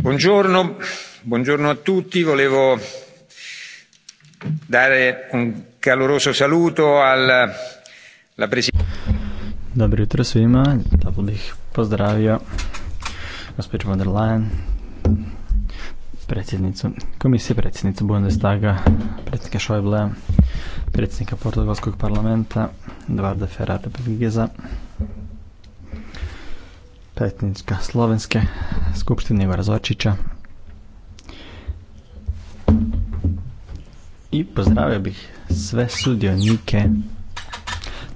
buongiorno a tutti volevo dare un caloroso saluto alla Dobro jutro svima, tamo bih pozdravio gospođu von der Leyen, predsjednicu komisije, predsjednicu Bundestaga, predsjednika Schäuble, predsjednika portugalskog parlamenta, Eduarda Ferrara Pegigeza, predsjednika Slovenske skupštine ivara Zorčića. I pozdravio bih sve sudionike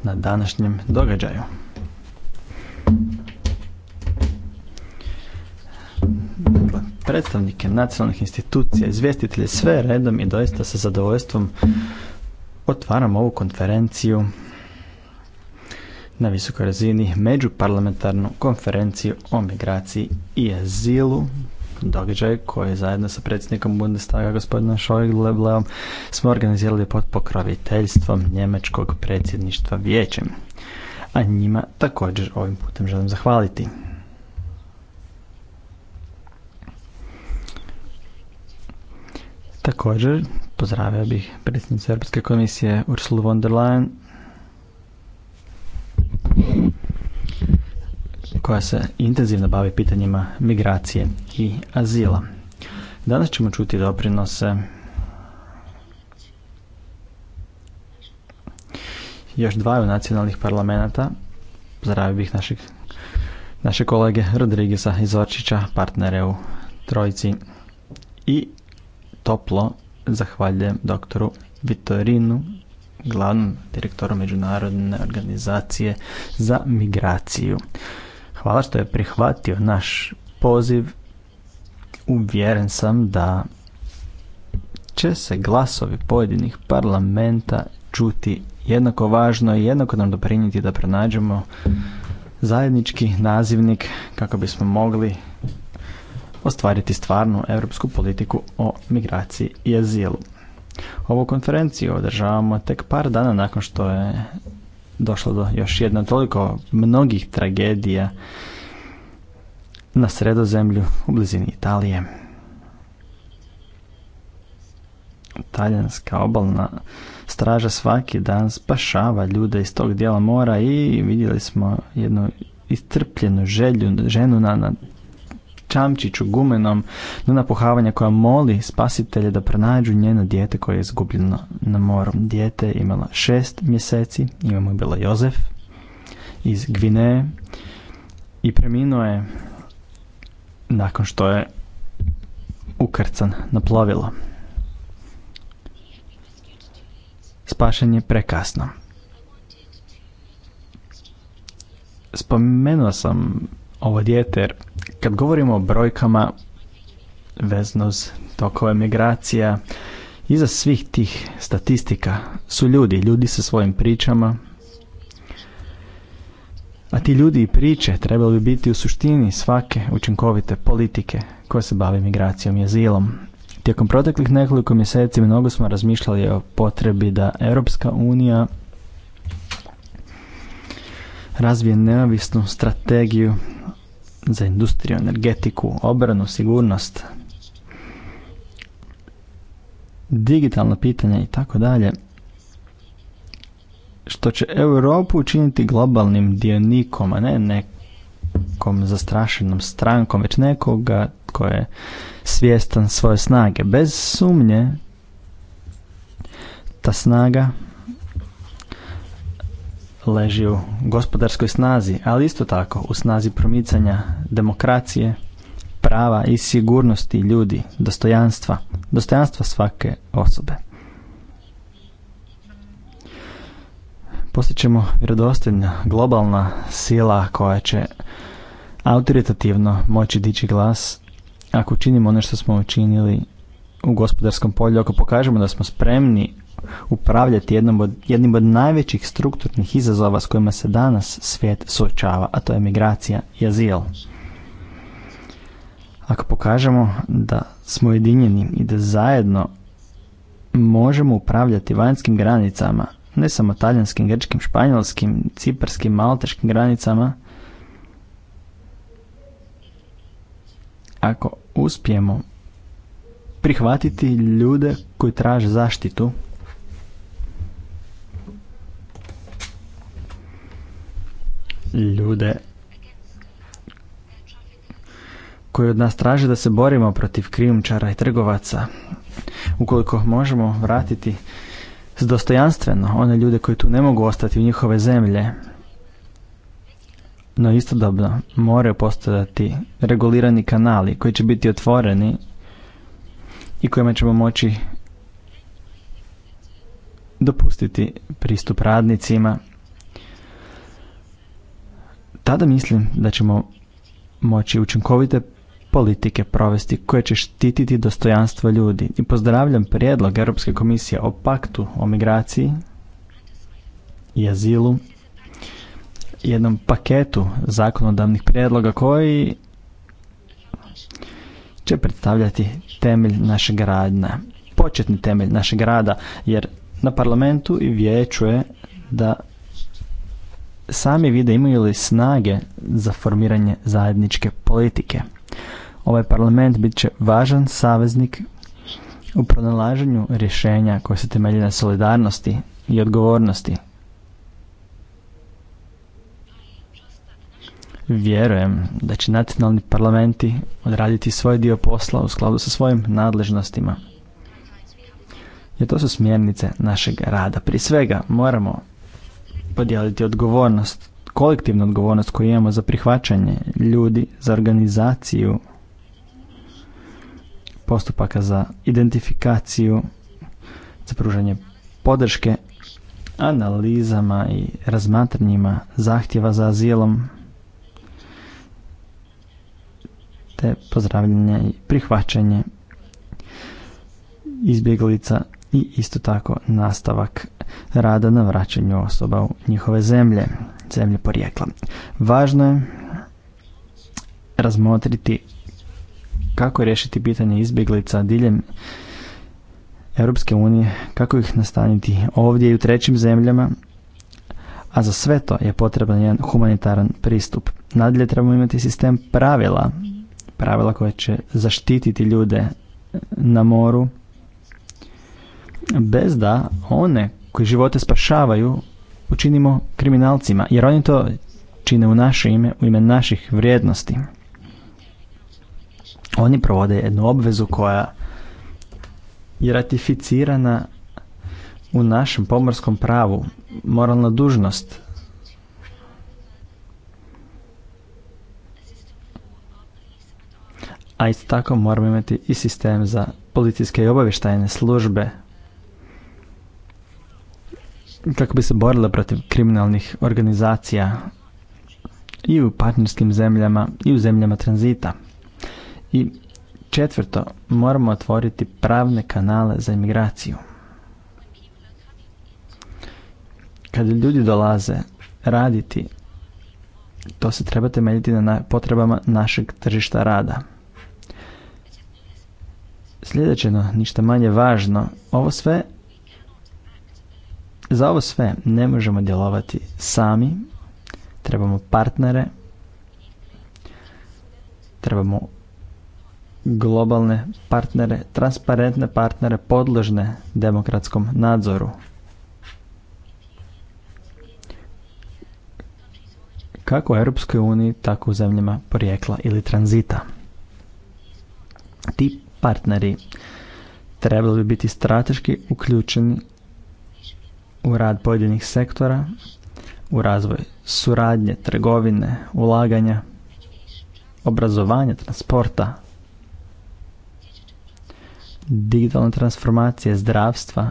na današnjem događaju. Dakle, predstavnike nacionalnih institucija, izvjestitelje, sve redom i doista sa zadovoljstvom otvaram ovu konferenciju na visokoj razini međuparlamentarnu konferenciju o migraciji i azilu događaj koji zajedno sa predsjednikom Bundestaga gospodinom Schäubleom smo organizirali pod pokroviteljstvom njemačkog predsjedništva vijećem. A njima također ovim putem želim zahvaliti. Također pozdravio bih predsjednicu Europske komisije Ursula von der Leyen koja se intenzivno bavi pitanjima migracije i azila. Danas ćemo čuti doprinose još dvaju nacionalnih parlamenta. Zdravio bih našeg, naše kolege Rodrigisa iz Orčića, partnere u trojici. I toplo zahvaljujem doktoru Vitorinu glavnom direktorom Međunarodne organizacije za migraciju. Hvala što je prihvatio naš poziv. Uvjeren sam da će se glasovi pojedinih parlamenta čuti jednako važno i jednako nam doprinijeti da pronađemo zajednički nazivnik kako bismo mogli ostvariti stvarnu europsku politiku o migraciji i azilu. Ovu konferenciju održavamo tek par dana nakon što je došlo do još jedna toliko mnogih tragedija na sredozemlju u blizini Italije. Italijanska obalna straža svaki dan spašava ljude iz tog dijela mora i vidjeli smo jednu istrpljenu želju, ženu na, na čamčiću gumenom do napuhavanja koja moli spasitelje da pronađu njeno dijete koje je izgubljeno na moru. Dijete je imala šest mjeseci, imamo je bila Jozef iz Gvineje i preminuo je nakon što je ukrcan na plovilo. Spašen je prekasno. Spomenuo sam ovo dijete jer kad govorimo o brojkama vezno uz tokove migracija, iza svih tih statistika su ljudi, ljudi sa svojim pričama, a ti ljudi i priče trebali bi biti u suštini svake učinkovite politike koja se bavi migracijom i azilom. Tijekom proteklih nekoliko mjeseci mnogo smo razmišljali o potrebi da Europska unija razvije neovisnu strategiju za industriju, energetiku, obranu, sigurnost, digitalna pitanja i tako dalje, što će Europu učiniti globalnim dionikom, a ne nekom zastrašenom strankom, već nekoga tko je svjestan svoje snage. Bez sumnje ta snaga leži u gospodarskoj snazi, ali isto tako u snazi promicanja demokracije, prava i sigurnosti ljudi, dostojanstva, dostojanstva svake osobe. Postićemo vjerodostojna globalna sila koja će autoritativno moći dići glas ako učinimo ono što smo učinili u gospodarskom polju, ako pokažemo da smo spremni upravljati jednom od, jednim od najvećih strukturnih izazova s kojima se danas svijet suočava, a to je migracija i azil. Ako pokažemo da smo jedinjeni i da zajedno možemo upravljati vanjskim granicama, ne samo talijanskim, grčkim, španjolskim, ciparskim, malteškim granicama, ako uspijemo prihvatiti ljude koji traže zaštitu ljude koji od nas traže da se borimo protiv krijumčara i trgovaca. Ukoliko možemo vratiti dostojanstveno one ljude koji tu ne mogu ostati u njihove zemlje, no istodobno moraju postojati regulirani kanali koji će biti otvoreni i kojima ćemo moći dopustiti pristup radnicima, tada mislim da ćemo moći učinkovite politike provesti koje će štititi dostojanstvo ljudi. I pozdravljam prijedlog Europske komisije o paktu o migraciji i azilu, jednom paketu zakonodavnih prijedloga koji će predstavljati temelj našeg rada, početni temelj našeg rada, jer na parlamentu i vijeću je da sami vide imaju li snage za formiranje zajedničke politike. Ovaj parlament bit će važan saveznik u pronalaženju rješenja koje se temelji na solidarnosti i odgovornosti. Vjerujem da će nacionalni parlamenti odraditi svoj dio posla u skladu sa svojim nadležnostima. Jer to su smjernice našeg rada. Prije svega moramo podijeliti odgovornost, kolektivnu odgovornost koju imamo za prihvaćanje ljudi, za organizaciju postupaka za identifikaciju, za pružanje podrške, analizama i razmatranjima zahtjeva za azilom, te pozdravljanje i prihvaćanje izbjeglica i isto tako nastavak rada na vraćanju osoba u njihove zemlje, zemlje porijekla. Važno je razmotriti kako riješiti pitanje izbjeglica diljem Europske unije, kako ih nastaniti ovdje i u trećim zemljama, a za sve to je potreban jedan humanitaran pristup. Nadalje trebamo imati sistem pravila, pravila koje će zaštititi ljude na moru, bez da one koji živote spašavaju učinimo kriminalcima, jer oni to čine u naše ime, u ime naših vrijednosti. Oni provode jednu obvezu koja je ratificirana u našem pomorskom pravu, moralna dužnost. A isto tako moramo imati i sistem za policijske i obavještajne službe kako bi se borila protiv kriminalnih organizacija i u partnerskim zemljama i u zemljama tranzita. I četvrto, moramo otvoriti pravne kanale za imigraciju. Kada ljudi dolaze raditi, to se treba temeljiti na potrebama našeg tržišta rada. Sljedeće, ništa manje važno, ovo sve za ovo sve ne možemo djelovati sami, trebamo partnere, trebamo globalne partnere, transparentne partnere podložne demokratskom nadzoru. Kako u Europskoj uniji, tako u zemljama porijekla ili tranzita. Ti partneri trebali bi biti strateški uključeni u rad pojedinih sektora, u razvoj suradnje, trgovine, ulaganja, obrazovanja, transporta, digitalne transformacije, zdravstva.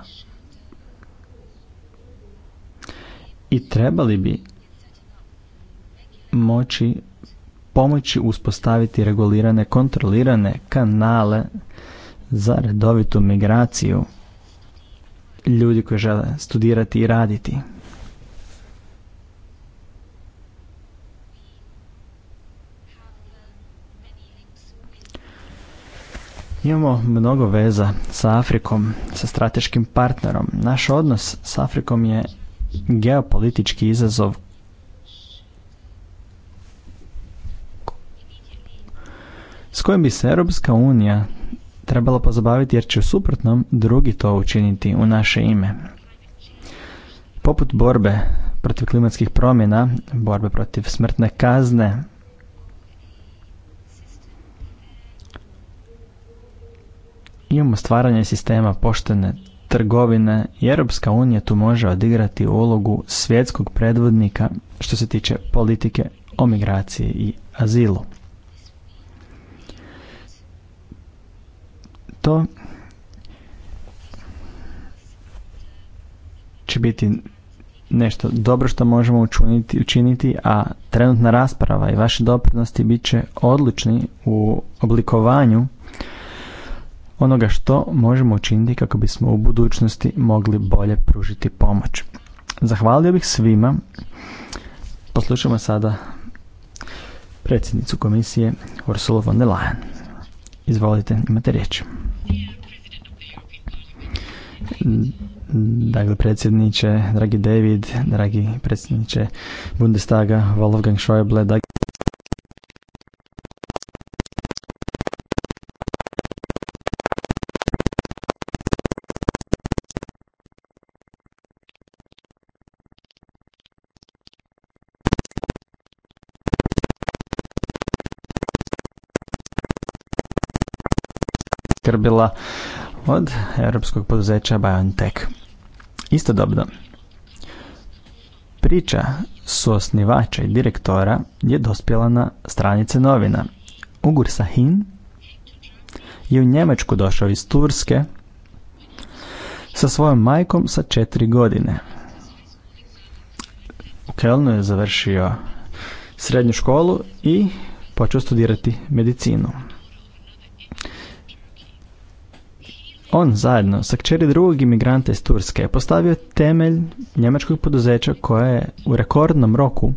I trebali bi moći pomoći uspostaviti regulirane, kontrolirane kanale za redovitu migraciju ljudi koji žele studirati i raditi. Imamo mnogo veza sa Afrikom, sa strateškim partnerom. Naš odnos s Afrikom je geopolitički izazov s kojim bi se Europska unija trebalo pozabaviti jer će u suprotnom drugi to učiniti u naše ime. Poput borbe protiv klimatskih promjena, borbe protiv smrtne kazne, imamo stvaranje sistema poštene trgovine i Europska unija tu može odigrati ulogu svjetskog predvodnika što se tiče politike o migraciji i azilu. to će biti nešto dobro što možemo učiniti, učiniti, a trenutna rasprava i vaše doprinosti bit će odlični u oblikovanju onoga što možemo učiniti kako bismo u budućnosti mogli bolje pružiti pomoć. Zahvalio bih svima. Poslušamo sada predsjednicu komisije Ursula von der Leyen. Izvolite, imate riječ. Dakle, predsjedniče, dragi David, dragi predsjedniče Bundestaga, Wolfgang Schäuble, dakle, od europskog poduzeća BioNTech. Istodobno, priča osnivača i direktora je dospjela na stranice novina. Ugur Sahin je u Njemačku došao iz Turske sa svojom majkom sa četiri godine. U Kelnu je završio srednju školu i počeo studirati medicinu. on zajedno sa kćeri drugog imigranta iz Turske je postavio temelj njemačkog poduzeća koje je u rekordnom roku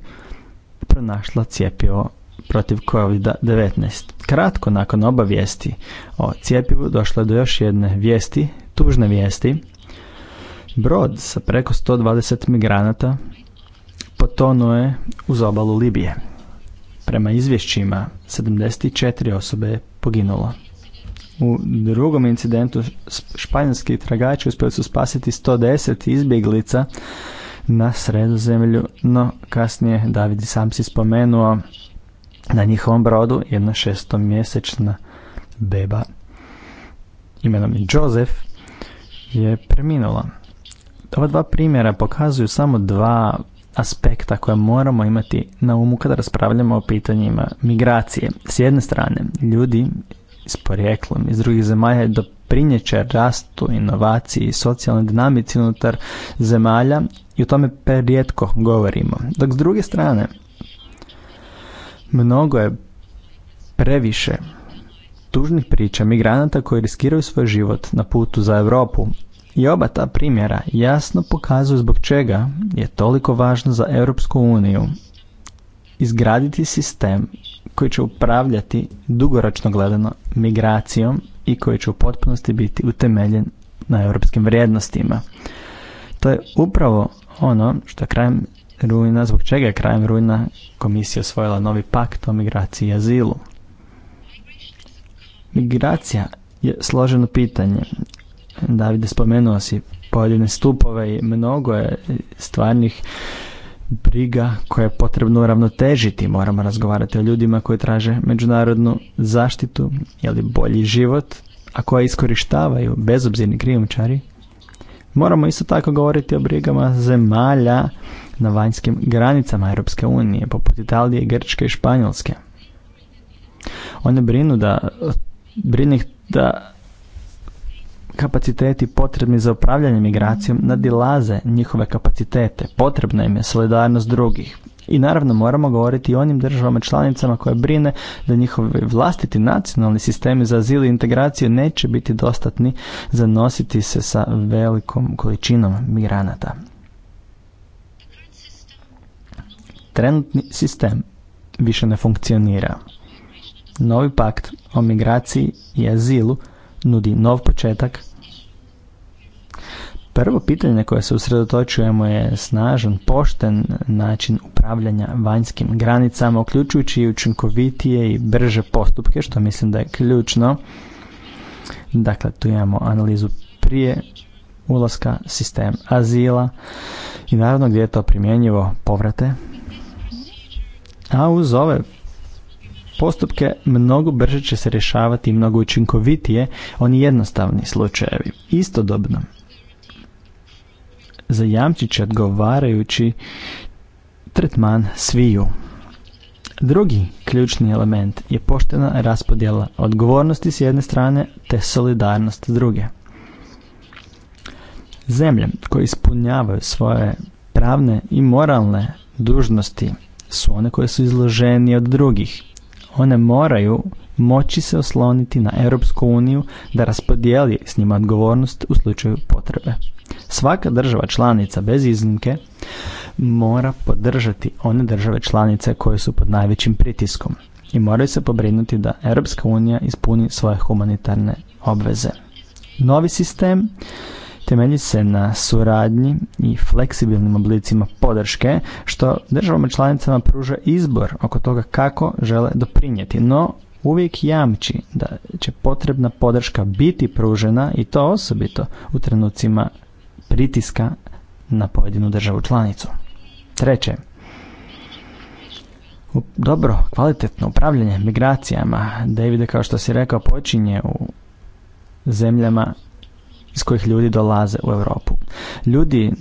pronašla cijepivo protiv COVID-19. Kratko nakon obavijesti o cijepivu došlo je do još jedne vijesti, tužne vijesti. Brod sa preko 120 migranata potonuo je uz obalu Libije. Prema izvješćima 74 osobe je poginulo. U drugom incidentu španjolski tragači uspjeli su spasiti 110 izbjeglica na sredozemlju, no kasnije David i sam si spomenuo na njihovom brodu jedna šestomjesečna beba imenom Joseph je preminula. Ova dva primjera pokazuju samo dva aspekta koje moramo imati na umu kada raspravljamo o pitanjima migracije. S jedne strane, ljudi s porijeklom iz drugih zemalja doprinjeće rastu, inovaciji i socijalnoj dinamici unutar zemalja i o tome prerijetko govorimo. Dok s druge strane, mnogo je previše tužnih priča migranata koji riskiraju svoj život na putu za Europu. I oba ta primjera jasno pokazuju zbog čega je toliko važno za Europsku uniju izgraditi sistem koji će upravljati dugoročno gledano migracijom i koji će u potpunosti biti utemeljen na europskim vrijednostima. To je upravo ono što krajem rujna, zbog čega je krajem rujna komisija osvojila novi pakt o migraciji i azilu. Migracija je složeno pitanje. Davide spomenuo si pojedine stupove i mnogo je stvarnih briga koja je potrebno uravnotežiti, Moramo razgovarati o ljudima koji traže međunarodnu zaštitu ili bolji život, a koje iskorištavaju bezobzirni krijumčari. Moramo isto tako govoriti o brigama zemalja na vanjskim granicama Europske unije, poput Italije, Grčke i Španjolske. One brinu da, brinu da kapaciteti potrebni za upravljanje migracijom nadilaze njihove kapacitete. Potrebna im je solidarnost drugih. I naravno moramo govoriti i onim državama članicama koje brine da njihovi vlastiti nacionalni sistemi za azil i integraciju neće biti dostatni za nositi se sa velikom količinom migranata. Trenutni sistem više ne funkcionira. Novi pakt o migraciji i azilu nudi nov početak. Prvo pitanje na koje se usredotočujemo je snažan, pošten način upravljanja vanjskim granicama, uključujući i učinkovitije i brže postupke, što mislim da je ključno. Dakle, tu imamo analizu prije ulaska, sistem azila i naravno gdje je to primjenjivo povrate. A uz ove postupke mnogo brže će se rješavati i mnogo učinkovitije oni jednostavni slučajevi. Istodobno, zajamčit će odgovarajući tretman sviju. Drugi ključni element je poštena raspodjela odgovornosti s jedne strane te solidarnost s druge. Zemlje koje ispunjavaju svoje pravne i moralne dužnosti su one koje su izloženi od drugih one moraju moći se osloniti na Europsku uniju da raspodijeli s njima odgovornost u slučaju potrebe. Svaka država članica bez iznimke mora podržati one države članice koje su pod najvećim pritiskom i moraju se pobrinuti da Europska unija ispuni svoje humanitarne obveze. Novi sistem Temelji se na suradnji i fleksibilnim oblicima podrške što državama članicama pruža izbor oko toga kako žele doprinijeti, no uvijek jamči da će potrebna podrška biti pružena i to osobito u trenucima pritiska na pojedinu državu članicu. Treće, dobro, kvalitetno upravljanje migracijama, Davide kao što si rekao počinje u zemljama iz kojih ljudi dolaze u Europu. Ljudi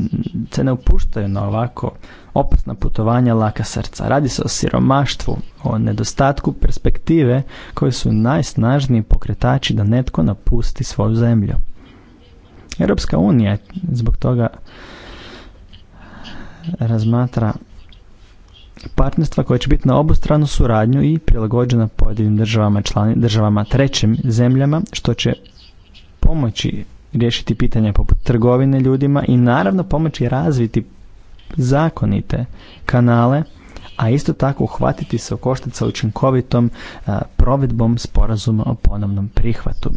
se ne upuštaju na ovako opasna putovanja laka srca. Radi se o siromaštvu, o nedostatku perspektive koji su najsnažniji pokretači da netko napusti svoju zemlju. Europska unija zbog toga razmatra partnerstva koje će biti na obostranu suradnju i prilagođena pojedinim državama, državama trećim zemljama, što će pomoći riješiti pitanja poput trgovine ljudima i naravno pomoći razviti zakonite kanale, a isto tako uhvatiti se u koštac učinkovitom provedbom sporazuma o ponovnom prihvatu.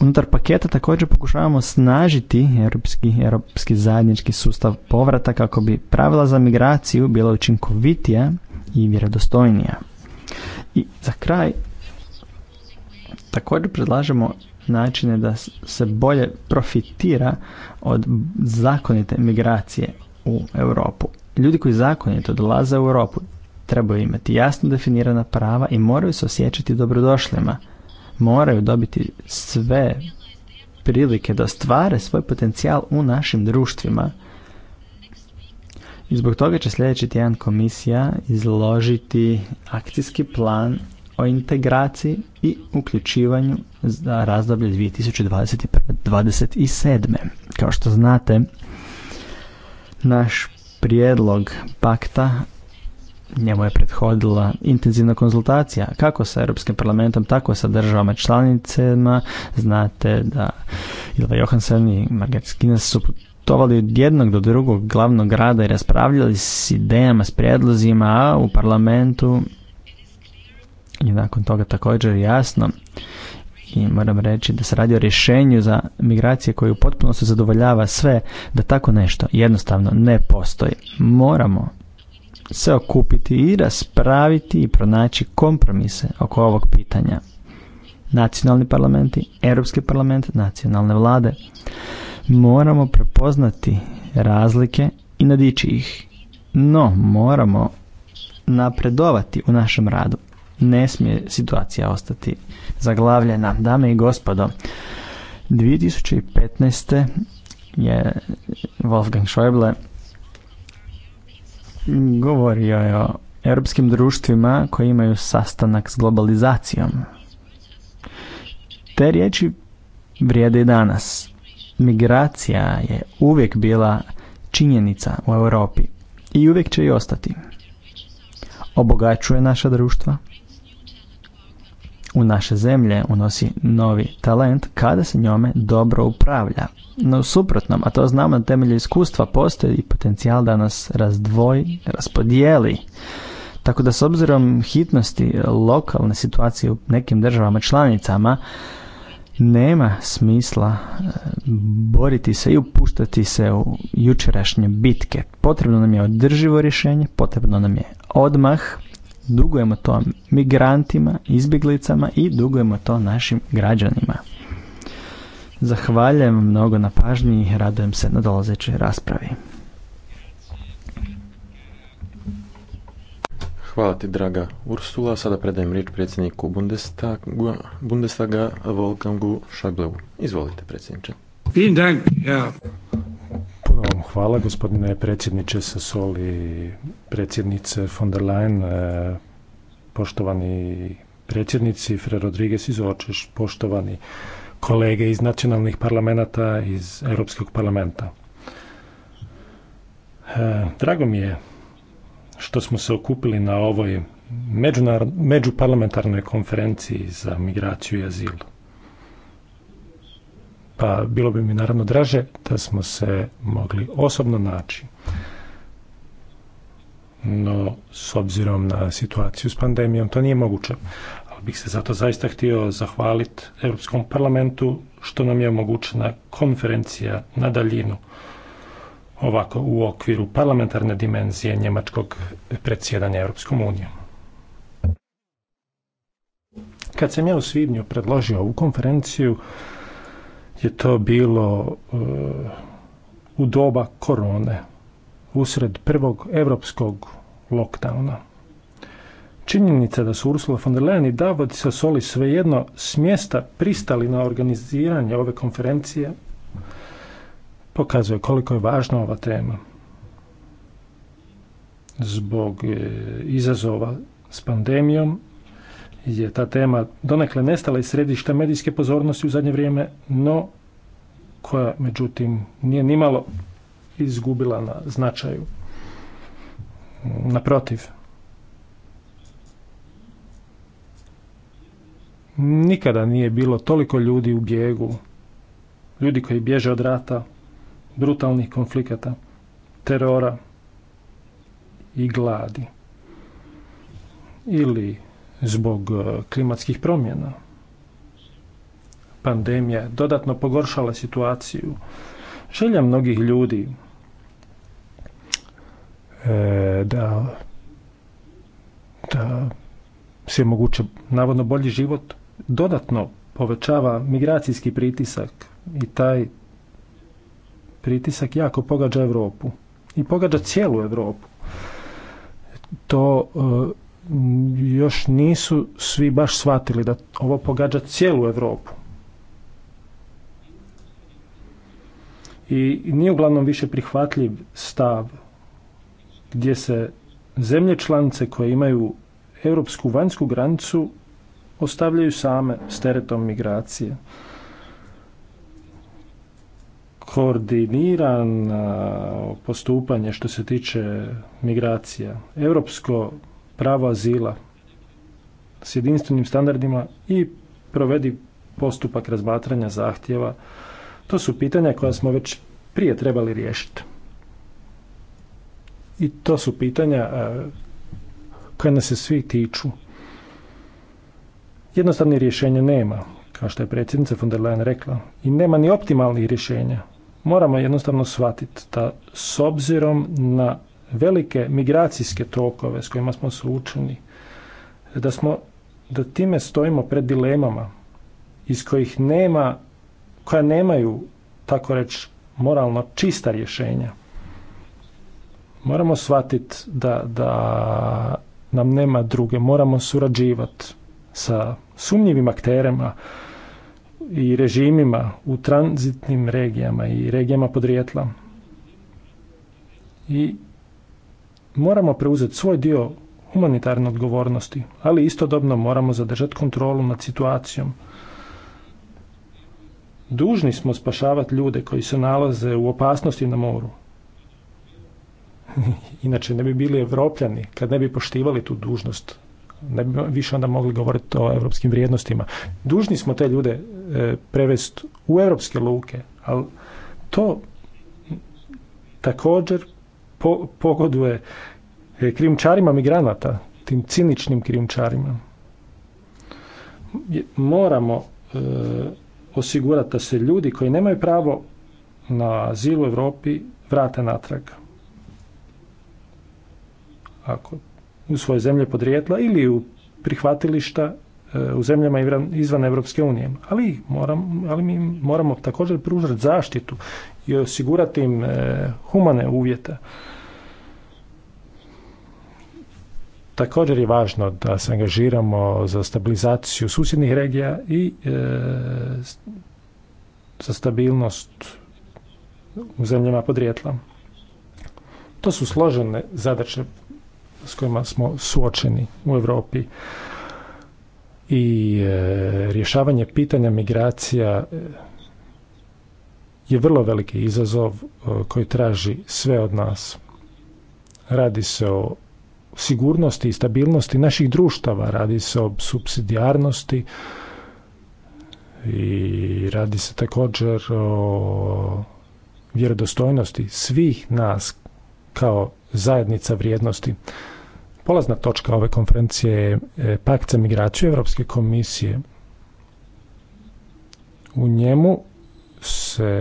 Unutar paketa također pokušavamo snažiti europski, europski zajednički sustav povrata kako bi pravila za migraciju bila učinkovitija i vjerodostojnija. I za kraj također predlažemo načine da se bolje profitira od zakonite migracije u Europu. Ljudi koji zakonito dolaze u Europu trebaju imati jasno definirana prava i moraju se osjećati dobrodošlima. Moraju dobiti sve prilike da stvare svoj potencijal u našim društvima. I zbog toga će sljedeći tjedan komisija izložiti akcijski plan o integraciji i uključivanju za razdoblje 2021-2027. Kao što znate, naš prijedlog pakta njemu je prethodila intenzivna konzultacija kako sa Europskim parlamentom, tako sa državama članicama. Znate da Ilva Johansen i Margaret Skina su putovali od jednog do drugog glavnog grada i raspravljali s idejama, s prijedlozima, a u parlamentu je nakon toga također jasno i moram reći da se radi o rješenju za migracije koje u potpunosti zadovoljava sve, da tako nešto jednostavno ne postoji. Moramo se okupiti i raspraviti i pronaći kompromise oko ovog pitanja. Nacionalni parlamenti, Europski parlament, nacionalne vlade. Moramo prepoznati razlike i nadići ih. No, moramo napredovati u našem radu ne smije situacija ostati zaglavljena. Dame i gospodo, 2015. je Wolfgang Schäuble govorio je o europskim društvima koji imaju sastanak s globalizacijom. Te riječi vrijede i danas. Migracija je uvijek bila činjenica u Europi i uvijek će i ostati. Obogaćuje naša društva, u naše zemlje unosi novi talent kada se njome dobro upravlja. No u suprotnom, a to znamo na temelju iskustva, postoji i potencijal da nas razdvoji, raspodijeli. Tako da s obzirom hitnosti lokalne situacije u nekim državama članicama, nema smisla e, boriti se i upuštati se u jučerašnje bitke. Potrebno nam je održivo rješenje, potrebno nam je odmah, dugujemo to migrantima, izbjeglicama i dugujemo to našim građanima. Zahvaljujem mnogo na pažnji i radujem se na dolazećoj raspravi. Hvala ti, draga Ursula. Sada predajem riječ predsjedniku Bundestaga, Bundestaga Wolfgangu Schäublevu. Izvolite, predsjedniče. Dank. Ja. Puno hvala, gospodine predsjedniče Sassoli, predsjednice von der Leyen, e, poštovani predsjednici, Fre Rodriguez iz Očeš, poštovani kolege iz nacionalnih parlamenta, iz Europskog parlamenta. E, drago mi je što smo se okupili na ovoj međuparlamentarnoj konferenciji za migraciju i azil pa bilo bi mi naravno draže da smo se mogli osobno naći. No, s obzirom na situaciju s pandemijom, to nije moguće. Ali bih se zato zaista htio zahvaliti Europskom parlamentu što nam je omogućena konferencija na daljinu ovako u okviru parlamentarne dimenzije njemačkog predsjedanja Europskom unijom. Kad sam ja u svibnju predložio ovu konferenciju, je to bilo e, u doba korone, usred prvog evropskog lockdowna. Činjenica da su Ursula von der Leyen i Davod Soli svejedno s mjesta pristali na organiziranje ove konferencije pokazuje koliko je važna ova tema zbog e, izazova s pandemijom je ta tema donekle nestala iz središta medijske pozornosti u zadnje vrijeme, no koja međutim nije nimalo izgubila na značaju. Naprotiv, nikada nije bilo toliko ljudi u bjegu, ljudi koji bježe od rata, brutalnih konflikata, terora i gladi. Ili zbog e, klimatskih promjena. Pandemija dodatno pogoršala situaciju. Želja mnogih ljudi e, da, da se moguće navodno bolji život dodatno povećava migracijski pritisak i taj pritisak jako pogađa Europu i pogađa cijelu Europu. To e, još nisu svi baš shvatili da ovo pogađa cijelu Europu. I nije uglavnom više prihvatljiv stav gdje se zemlje članice koje imaju europsku vanjsku granicu ostavljaju same s teretom migracije. Koordiniran postupanje što se tiče migracija. Europsko pravo azila s jedinstvenim standardima i provedi postupak razmatranja zahtjeva. To su pitanja koja smo već prije trebali riješiti. I to su pitanja e, koja nas se svi tiču. Jednostavnih rješenja nema, kao što je predsjednica von der Leyen rekla, i nema ni optimalnih rješenja. Moramo jednostavno shvatiti da s obzirom na velike migracijske tokove s kojima smo suočeni, da smo da time stojimo pred dilemama iz kojih nema koja nemaju tako reći moralno čista rješenja. Moramo shvatiti da, da nam nema druge, moramo surađivati sa sumnjivim akterima i režimima u tranzitnim regijama i regijama podrijetla. I moramo preuzeti svoj dio humanitarne odgovornosti, ali istodobno moramo zadržati kontrolu nad situacijom. Dužni smo spašavati ljude koji se nalaze u opasnosti na moru. Inače ne bi bili evropljani kad ne bi poštivali tu dužnost. Ne bi više onda mogli govoriti o europskim vrijednostima. Dužni smo te ljude e, prevesti u europske luke, ali to također pogoduje E, krijumčarima migranata, tim ciničnim krijumčarima. Moramo e, osigurati da se ljudi koji nemaju pravo na azil u Europi vrate natrag. Ako u svoje zemlje podrijetla ili u prihvatilišta e, u zemljama izvan Europske unije. Ali, moram, ali mi moramo također pružati zaštitu i osigurati im humane uvjete. Također je važno da se angažiramo za stabilizaciju susjednih regija i e, za stabilnost u zemljama podrijetla. To su složene zadaće s kojima smo suočeni u Europi i e, rješavanje pitanja migracija e, je vrlo veliki izazov koji traži sve od nas. Radi se o sigurnosti i stabilnosti naših društava. Radi se o subsidijarnosti i radi se također o vjerodostojnosti svih nas kao zajednica vrijednosti. Polazna točka ove konferencije je e, pakt za migraciju Europske komisije. U njemu se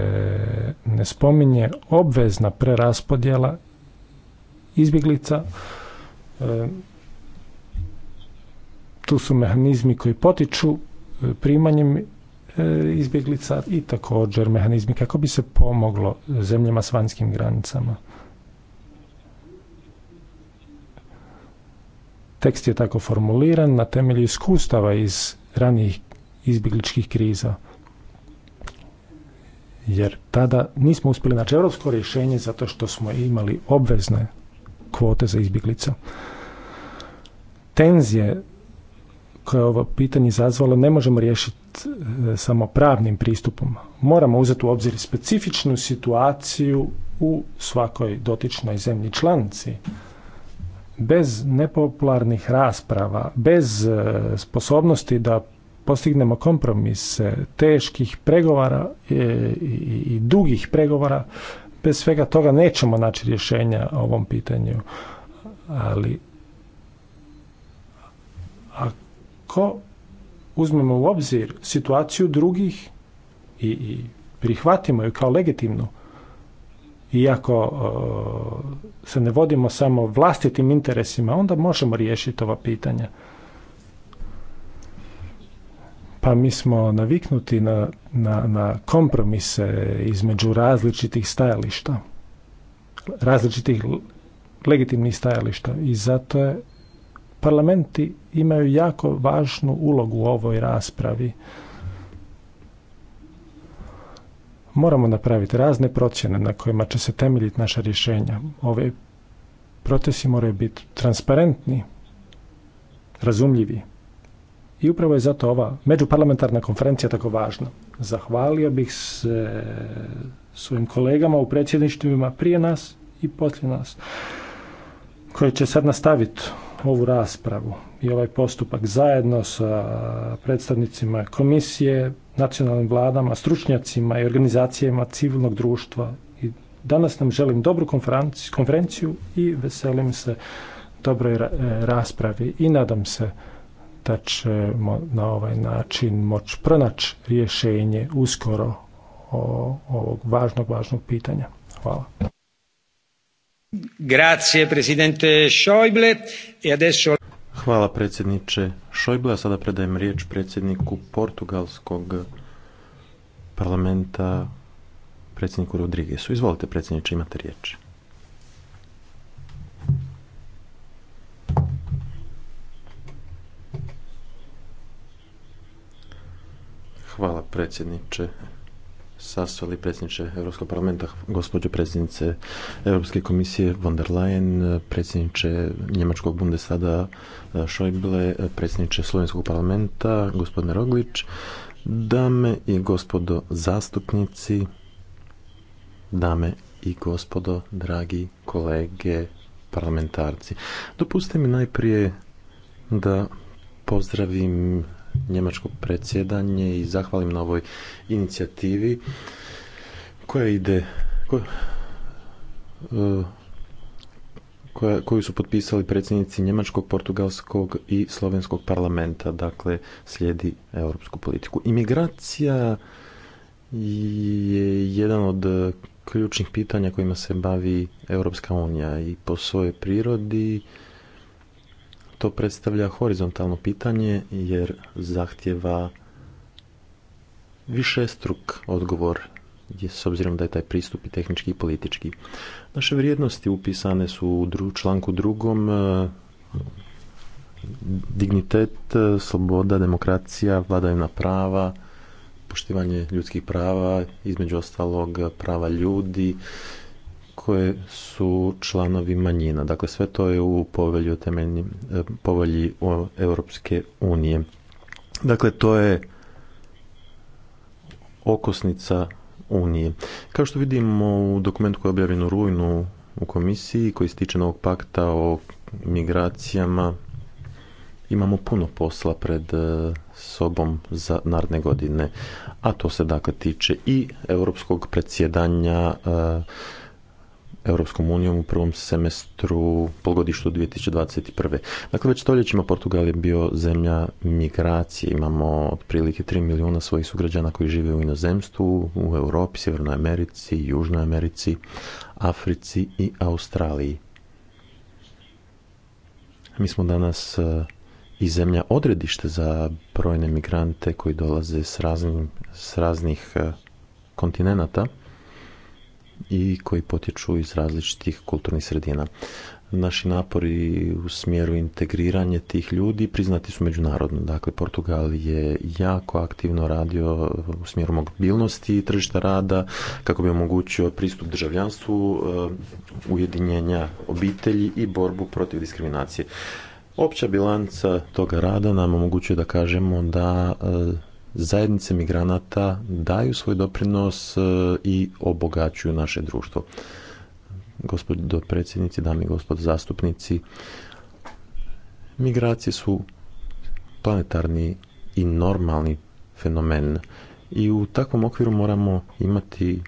ne spominje obvezna preraspodjela izbjeglica E, tu su mehanizmi koji potiču e, primanjem e, izbjeglica i također mehanizmi kako bi se pomoglo zemljama s vanjskim granicama. Tekst je tako formuliran na temelju iskustava iz ranijih izbjegličkih kriza. Jer tada nismo uspjeli naći europsko rješenje zato što smo imali obvezne kvote za izbjeglica. Tenzije koje je ovo pitanje izazvalo ne možemo riješiti e, samo pravnim pristupom. Moramo uzeti u obzir specifičnu situaciju u svakoj dotičnoj zemlji članci Bez nepopularnih rasprava, bez e, sposobnosti da postignemo kompromise teških pregovara e, i, i, i dugih pregovara bez svega toga nećemo naći rješenja o ovom pitanju. Ali ako uzmemo u obzir situaciju drugih i, i prihvatimo ju kao legitimnu, iako e, se ne vodimo samo vlastitim interesima, onda možemo riješiti ova pitanja pa mi smo naviknuti na, na, na kompromise između različitih stajališta, različitih legitimnih stajališta i zato je parlamenti imaju jako važnu ulogu u ovoj raspravi. Moramo napraviti razne procjene na kojima će se temeljiti naša rješenja. Ove procesi moraju biti transparentni, razumljivi. I upravo je zato ova međuparlamentarna konferencija tako važna. Zahvalio bih se svojim kolegama u predsjedništvima prije nas i poslije nas koji će sad nastaviti ovu raspravu i ovaj postupak zajedno sa predstavnicima komisije, nacionalnim vladama, stručnjacima i organizacijama civilnog društva. I danas nam želim dobru konferenciju i veselim se dobroj e, raspravi i nadam se da ćemo na ovaj način moći pronaći rješenje uskoro o, ovog važnog, važnog pitanja. Hvala. Grazie, presidente Schäuble. E adesso... Hvala predsjedniče Šojble, a sada predajem riječ predsjedniku portugalskog parlamenta, predsjedniku Rodriguesu. Izvolite predsjedniče, imate riječ. predsjedniče sastali predsjedniče Europskog parlamenta, gospođo predsjednice Europske komisije von der Leyen, predsjedniče Njemačkog bundesada eh, Schäuble, predsjedniče Slovenskog parlamenta, gospodine Roglić, dame i gospodo zastupnici, dame i gospodo, dragi kolege parlamentarci. Dopustite mi najprije da pozdravim njemačko predsjedanje i zahvalim na ovoj inicijativi koja ide e, koja, koju su potpisali predsjednici njemačkog, portugalskog i slovenskog parlamenta, dakle slijedi europsku politiku. Imigracija je jedan od ključnih pitanja kojima se bavi Europska unija i po svojoj prirodi to predstavlja horizontalno pitanje jer zahtjeva više struk odgovor s obzirom da je taj pristup i tehnički i politički. Naše vrijednosti upisane su u članku drugom e, dignitet, e, sloboda, demokracija, vladavina prava, poštivanje ljudskih prava, između ostalog e, prava ljudi koje su članovi manjina. Dakle, sve to je u povelji o temeljnim e, povelji Europske unije. Dakle, to je okosnica unije. Kao što vidimo u dokumentu koji je objavljen u rujnu u komisiji koji se tiče novog pakta o migracijama, imamo puno posla pred e, sobom za naredne godine, a to se dakle tiče i europskog predsjedanja e, Europskom unijom u prvom semestru polgodištu 2021. Dakle, već stoljećima Portugal je bio zemlja migracije. Imamo otprilike 3 milijuna svojih sugrađana koji žive u inozemstvu, u Europi, Sjevernoj Americi, Južnoj Americi, Africi i Australiji. Mi smo danas e, i zemlja odredište za brojne migrante koji dolaze s, s raznih e, kontinenata i koji potječu iz različitih kulturnih sredina. Naši napori u smjeru integriranja tih ljudi priznati su međunarodno. Dakle, Portugal je jako aktivno radio u smjeru mobilnosti i tržišta rada kako bi omogućio pristup državljanstvu, eh, ujedinjenja obitelji i borbu protiv diskriminacije. Opća bilanca toga rada nam omogućuje da kažemo da eh, zajednice migranata daju svoj doprinos e, i obogaćuju naše društvo. Gospođo predsjednici, dame i gospod zastupnici, migracije su planetarni i normalni fenomen i u takvom okviru moramo imati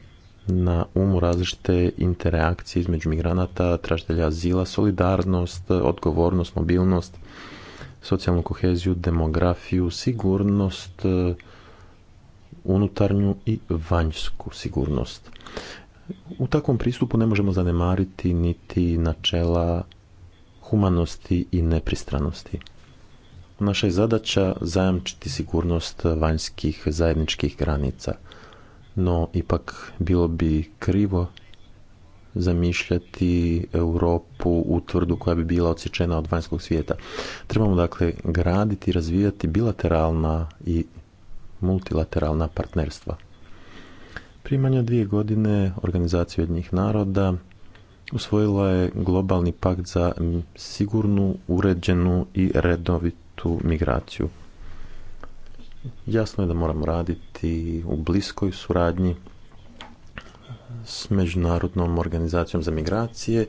na umu različite interakcije između migranata, tražitelja azila, solidarnost, odgovornost, mobilnost socijalnu koheziju, demografiju, sigurnost, e, unutarnju i vanjsku sigurnost. U takvom pristupu ne možemo zanemariti niti načela humanosti i nepristranosti. Naša je zadaća zajamčiti sigurnost vanjskih zajedničkih granica, no ipak bilo bi krivo zamišljati Europu u tvrdu koja bi bila odsječena od vanjskog svijeta. Trebamo dakle graditi i razvijati bilateralna i multilateralna partnerstva. Primanja dvije godine organizacije jednih naroda usvojila je globalni pakt za sigurnu, uređenu i redovitu migraciju. Jasno je da moramo raditi u bliskoj suradnji s Međunarodnom organizacijom za migracije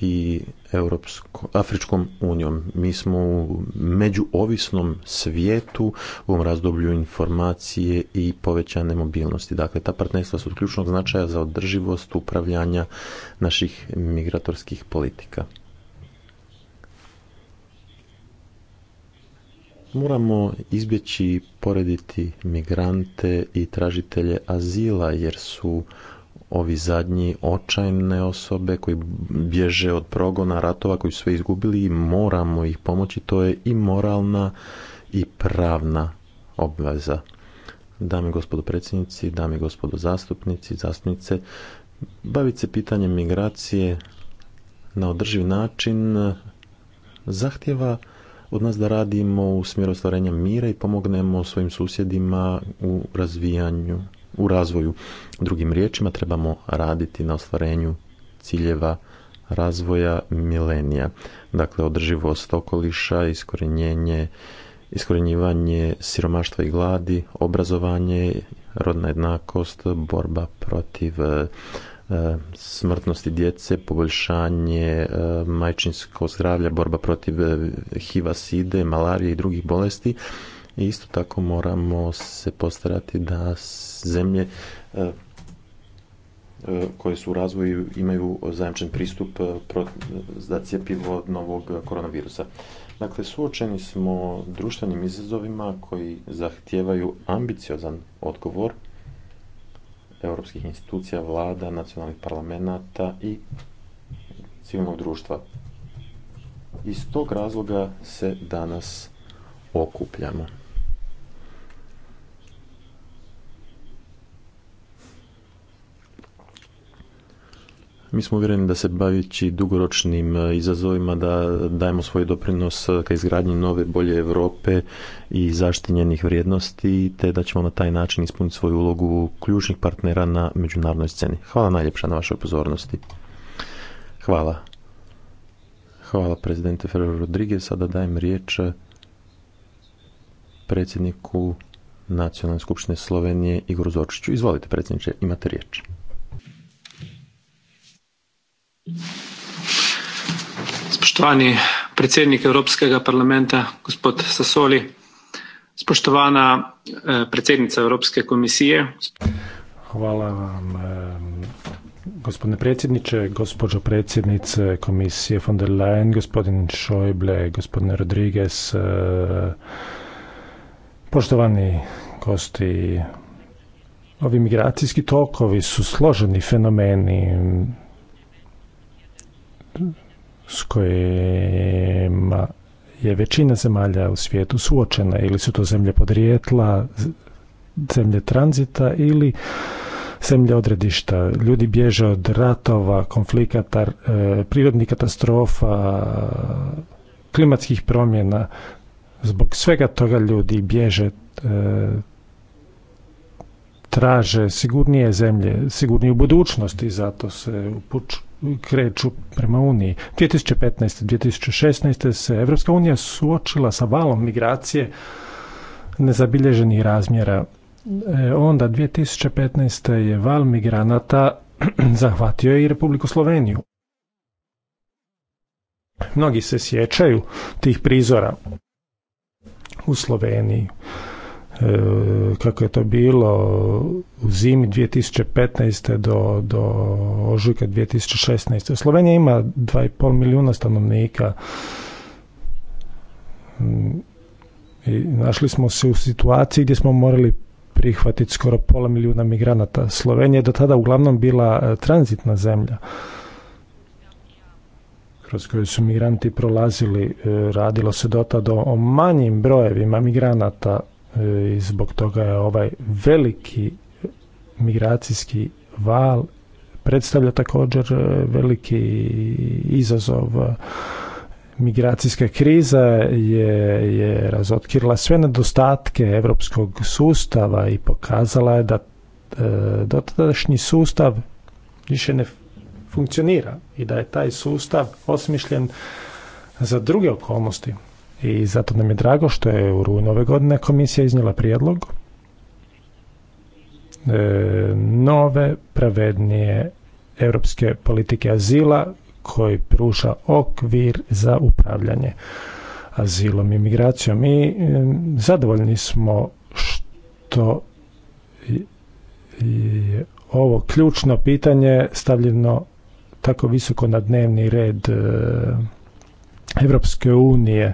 i Europsko, Afričkom unijom. Mi smo u međuovisnom svijetu u razdoblju informacije i povećane mobilnosti. Dakle, ta partnerstva su od ključnog značaja za održivost upravljanja naših migratorskih politika. Moramo izbjeći porediti migrante i tražitelje azila jer su ovi zadnji očajne osobe koji bježe od progona ratova koji su sve izgubili i moramo ih pomoći. To je i moralna i pravna obveza. Dame i gospodo predsjednici, dame i gospodo zastupnici, zastupnice, baviti se pitanjem migracije na održiv način zahtjeva od nas da radimo u smjeru ostvarenja mira i pomognemo svojim susjedima u razvijanju u razvoju. Drugim riječima trebamo raditi na ostvarenju ciljeva razvoja milenija. Dakle, održivost okoliša, iskorjenjenje, iskorenjivanje siromaštva i gladi, obrazovanje, rodna jednakost, borba protiv e, smrtnosti djece, poboljšanje e, majčinskog zdravlja, borba protiv e, HIV-a, side, malarije i drugih bolesti i isto tako moramo se postarati da zemlje e, e, koje su u razvoju imaju zajamčen pristup e, za cijepivo od novog koronavirusa. Dakle, suočeni smo društvenim izazovima koji zahtijevaju ambiciozan odgovor europskih institucija, vlada, nacionalnih parlamenta i civilnog društva. Iz tog razloga se danas okupljamo. Mi smo uvjereni da se bavići dugoročnim e, izazovima da dajemo svoj doprinos e, ka izgradnji nove, bolje Europe i zaštinjenih vrijednosti, te da ćemo na taj način ispuniti svoju ulogu ključnih partnera na međunarodnoj sceni. Hvala najljepša na vašoj pozornosti. Hvala. Hvala prezidente Ferro Rodriguez. Sada dajem riječ e, predsjedniku Nacionalne skupštine Slovenije Igoru Zočiću. Izvolite predsjedniče, imate riječ. Spoštovani predsednik Evropskega parlamenta, gospod Sasoli, spoštovana eh, predsednica Evropske komisije. Hvala vam, eh, gospodine predsjedniče, gospođo predsjednice komisije von der Leyen, gospodin Šojble, gospodine Rodriguez, eh, poštovani gosti Ovi migracijski tokovi su složeni fenomeni, s kojima je većina zemalja u svijetu suočena ili su to zemlje podrijetla, zemlje tranzita ili zemlje odredišta. Ljudi bježe od ratova, konflikata, e, prirodnih katastrofa, klimatskih promjena. Zbog svega toga ljudi bježe e, traže sigurnije zemlje, sigurniju budućnost i zato se upuču kreću prema Uniji. 2015. 2016. se Evropska unija suočila sa valom migracije nezabilježenih razmjera. E, onda 2015. je val migranata zahvatio i Republiku Sloveniju. Mnogi se sjećaju tih prizora u Sloveniji. E, kako je to bilo u zimi 2015. do, do ožujka 2016. Slovenija ima 2,5 milijuna stanovnika mm, i našli smo se u situaciji gdje smo morali prihvatiti skoro pola milijuna migranata. Slovenija je do tada uglavnom bila e, tranzitna zemlja kroz koju su migranti prolazili. E, radilo se do tada o manjim brojevima migranata E, i zbog toga je ovaj veliki migracijski val predstavlja također e, veliki izazov e, migracijska kriza je, je razotkrila sve nedostatke europskog sustava i pokazala je da e, dotadašnji sustav više ne funkcionira i da je taj sustav osmišljen za druge okolnosti i zato nam je drago što je u rujnu ove godine komisija iznijela prijedlog e, nove, pravednije europske politike azila koji pruža okvir za upravljanje azilom i migracijom i zadovoljni smo što je ovo ključno pitanje stavljeno tako visoko na dnevni red e, Evropske unije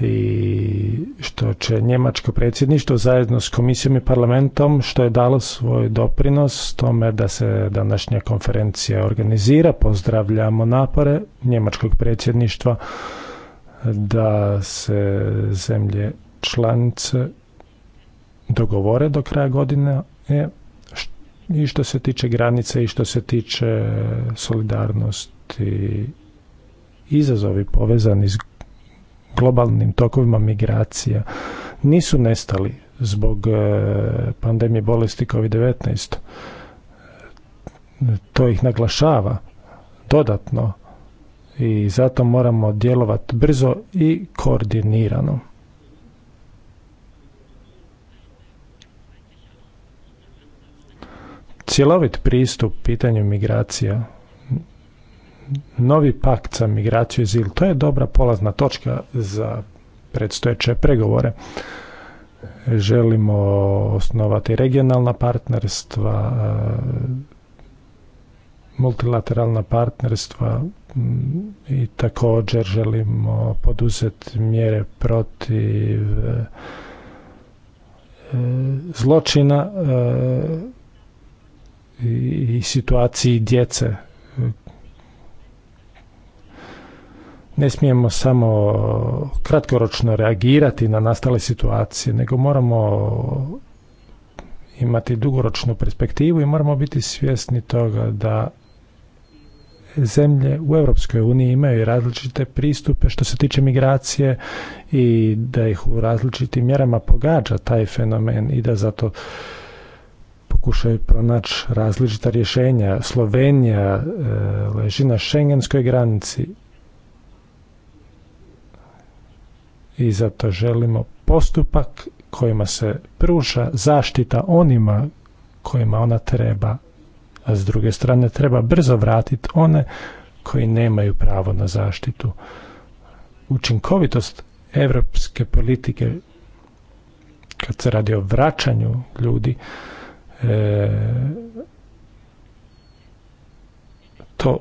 i što će njemačko predsjedništvo zajedno s komisijom i parlamentom što je dalo svoj doprinos tome da se današnja konferencija organizira. Pozdravljamo napore njemačkog predsjedništva da se zemlje članice dogovore do kraja godine e, i što se tiče granice i što se tiče solidarnosti izazovi povezani s globalnim tokovima migracija nisu nestali zbog e, pandemije bolesti COVID-19. To ih naglašava dodatno i zato moramo djelovati brzo i koordinirano. Cjelovit pristup pitanju migracija novi pakt za migraciju i zil. To je dobra polazna točka za predstojeće pregovore. Želimo osnovati regionalna partnerstva, e, multilateralna partnerstva mm, i također želimo poduzeti mjere protiv e, e, zločina i situaciji djece ne smijemo samo kratkoročno reagirati na nastale situacije, nego moramo imati dugoročnu perspektivu i moramo biti svjesni toga da zemlje u Europskoj uniji imaju različite pristupe što se tiče migracije i da ih u različitim mjerama pogađa taj fenomen i da zato pokušaju pronaći različita rješenja. Slovenija e, leži na šengenskoj granici i zato želimo postupak kojima se pruža zaštita onima kojima ona treba, a s druge strane treba brzo vratiti one koji nemaju pravo na zaštitu. Učinkovitost evropske politike kad se radi o vraćanju ljudi e, to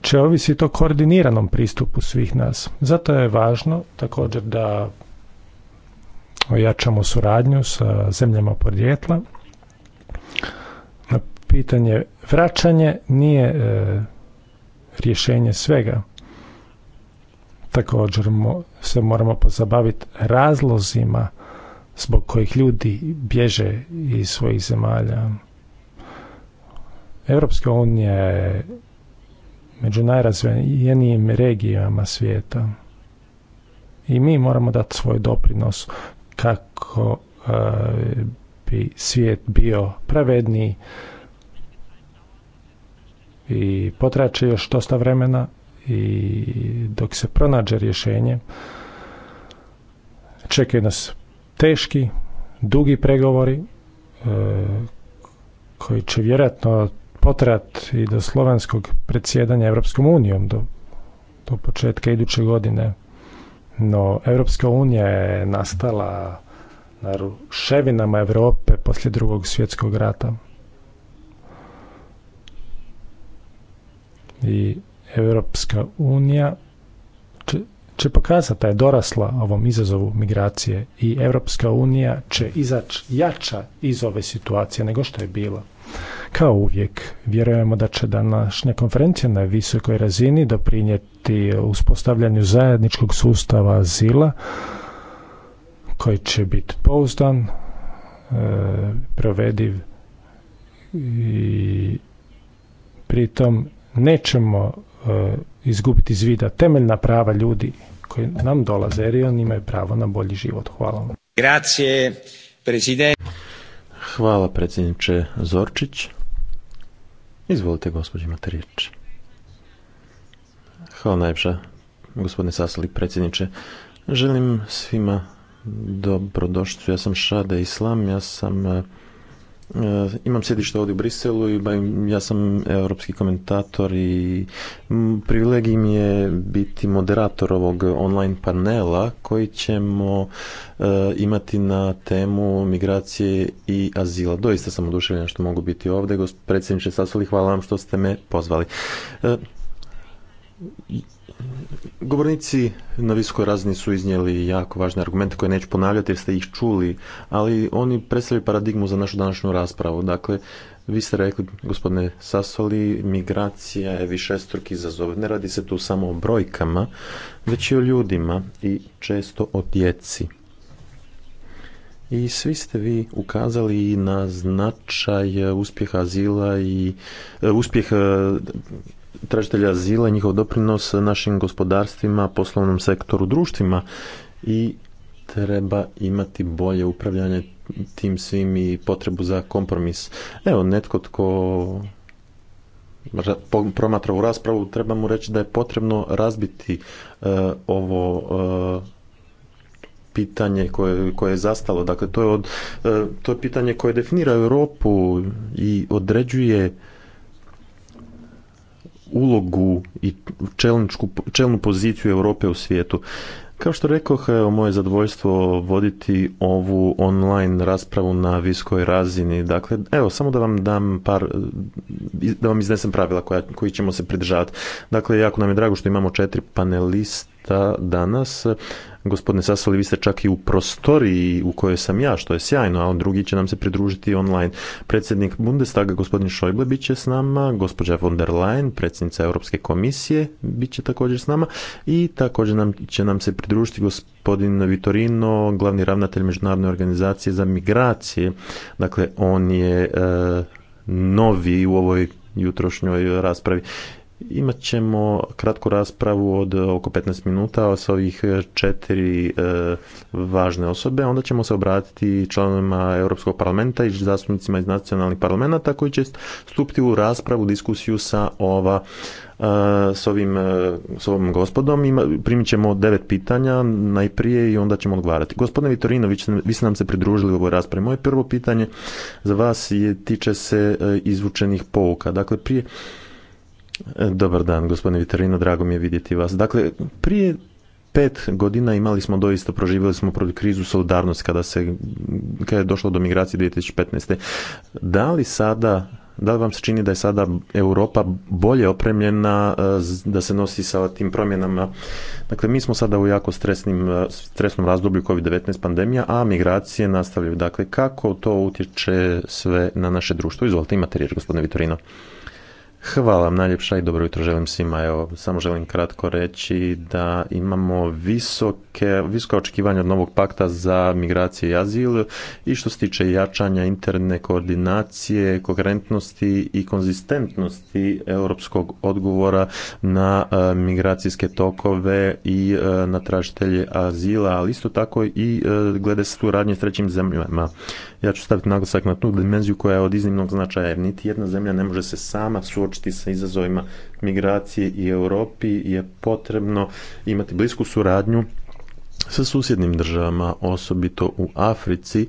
će ovisiti o koordiniranom pristupu svih nas. Zato je važno također da ojačamo suradnju sa zemljama podrijetla. Na pitanje vraćanje nije e, rješenje svega. Također se moramo pozabaviti razlozima zbog kojih ljudi bježe iz svojih zemalja. Europska unija je među najrazvijenijim regijama svijeta. I mi moramo dati svoj doprinos kako e, bi svijet bio pravedniji i potraće još dosta vremena i dok se pronađe rješenje čekaju nas teški, dugi pregovori e, koji će vjerojatno potrat i do slovenskog predsjedanja Europskom unijom do, do početka iduće godine. No, Europska unija je nastala na ruševinama Europe poslije drugog svjetskog rata. I Europska unija će, će pokazati da je dorasla ovom izazovu migracije i Europska unija će izaći jača iz ove situacije nego što je bila. Kao uvijek, vjerujemo da će današnja konferencija na visokoj razini doprinijeti uspostavljanju zajedničkog sustava azila koji će biti pouzdan, e, provediv i pritom nećemo e, izgubiti iz vida temeljna prava ljudi koji nam dolaze jer oni imaju pravo na bolji život. Hvala vam. Hvala predsjedniče Zorčić. Izvolite, gospođe, imate riječ. Hvala najpša, gospodine Sasoli, predsjedniče. Želim svima dobrodošlicu. Ja sam Šade Islam, ja sam eh, E, imam sjedište ovdje u Briselu i ja sam europski komentator i privilegij mi je biti moderator ovog online panela koji ćemo e, imati na temu migracije i azila. Doista sam oduševljen što mogu biti ovdje. Predsjedniče Sasoli, hvala vam što ste me pozvali e, Govornici na visokoj razini su iznijeli jako važne argumente koje neću ponavljati jer ste ih čuli, ali oni predstavljaju paradigmu za našu današnju raspravu. Dakle, vi ste rekli, gospodine Sasoli, migracija je višestruki izazov. Ne radi se tu samo o brojkama, već i o ljudima i često o djeci. I svi ste vi ukazali na značaj uspjeha azila i e, uspjeh e, tražitelja azila, njihov doprinos našim gospodarstvima, poslovnom sektoru, društvima i treba imati bolje upravljanje tim svim i potrebu za kompromis. Evo, netko tko promatra u raspravu, treba mu reći da je potrebno razbiti e, ovo e, pitanje koje, koje je zastalo. Dakle, to je, od, e, to je pitanje koje definira Europu i određuje ulogu i čelnu poziciju Europe u svijetu. Kao što rekoh, evo, moje zadovoljstvo voditi ovu online raspravu na viskoj razini. Dakle, evo, samo da vam dam par, da vam iznesem pravila koja, koji ćemo se pridržavati. Dakle, jako nam je drago što imamo četiri panelista danas. Gospodine Sasoli, vi ste čak i u prostoriji u kojoj sam ja, što je sjajno, a drugi će nam se pridružiti online. Predsjednik Bundestaga, gospodin Šojble, bit će s nama, gospođa von der Leyen, predsjednica Europske komisije, bit će također s nama i također nam, će nam se pridružiti gospodin Vitorino, glavni ravnatelj Međunarodne organizacije za migracije. Dakle, on je e, novi u ovoj jutrošnjoj raspravi. Imat ćemo kratku raspravu od oko 15 minuta sa ovih četiri e, važne osobe. Onda ćemo se obratiti članovima Europskog parlamenta i zastupnicima iz nacionalnih parlamenta koji će stupiti u raspravu, diskusiju sa ova e, s ovim, e, s ovom gospodom. Ima, primit ćemo devet pitanja najprije i onda ćemo odgovarati. Gospodine Vitorinović, vi ste nam se pridružili u ovoj raspravi. Moje prvo pitanje za vas je, tiče se izvučenih pouka. Dakle, prije Dobar dan, gospodine Viterino, drago mi je vidjeti vas. Dakle, prije pet godina imali smo doista, proživjeli smo krizu solidarnosti kada, se, kada je došlo do migracije 2015. Da li sada da li vam se čini da je sada Europa bolje opremljena e, da se nosi sa tim promjenama? Dakle, mi smo sada u jako stresnim, e, stresnom razdoblju COVID-19 pandemija, a migracije nastavljaju. Dakle, kako to utječe sve na naše društvo? Izvolite, imate riječ, gospodine Vitorino. Hvala vam najljepša i dobro jutro želim svima. Evo, samo želim kratko reći da imamo visoke, visoka očekivanja od novog pakta za migracije i azil i što se tiče jačanja interne koordinacije, koherentnosti i konzistentnosti europskog odgovora na e, migracijske tokove i e, na tražitelje azila, ali isto tako i e, glede suradnje s trećim zemljama. Ja ću staviti naglasak na tu dimenziju koja je od iznimnog značaja, jer niti jedna zemlja ne može se sama suočiti suočiti sa izazovima migracije i Europi je potrebno imati blisku suradnju sa susjednim državama, osobito u Africi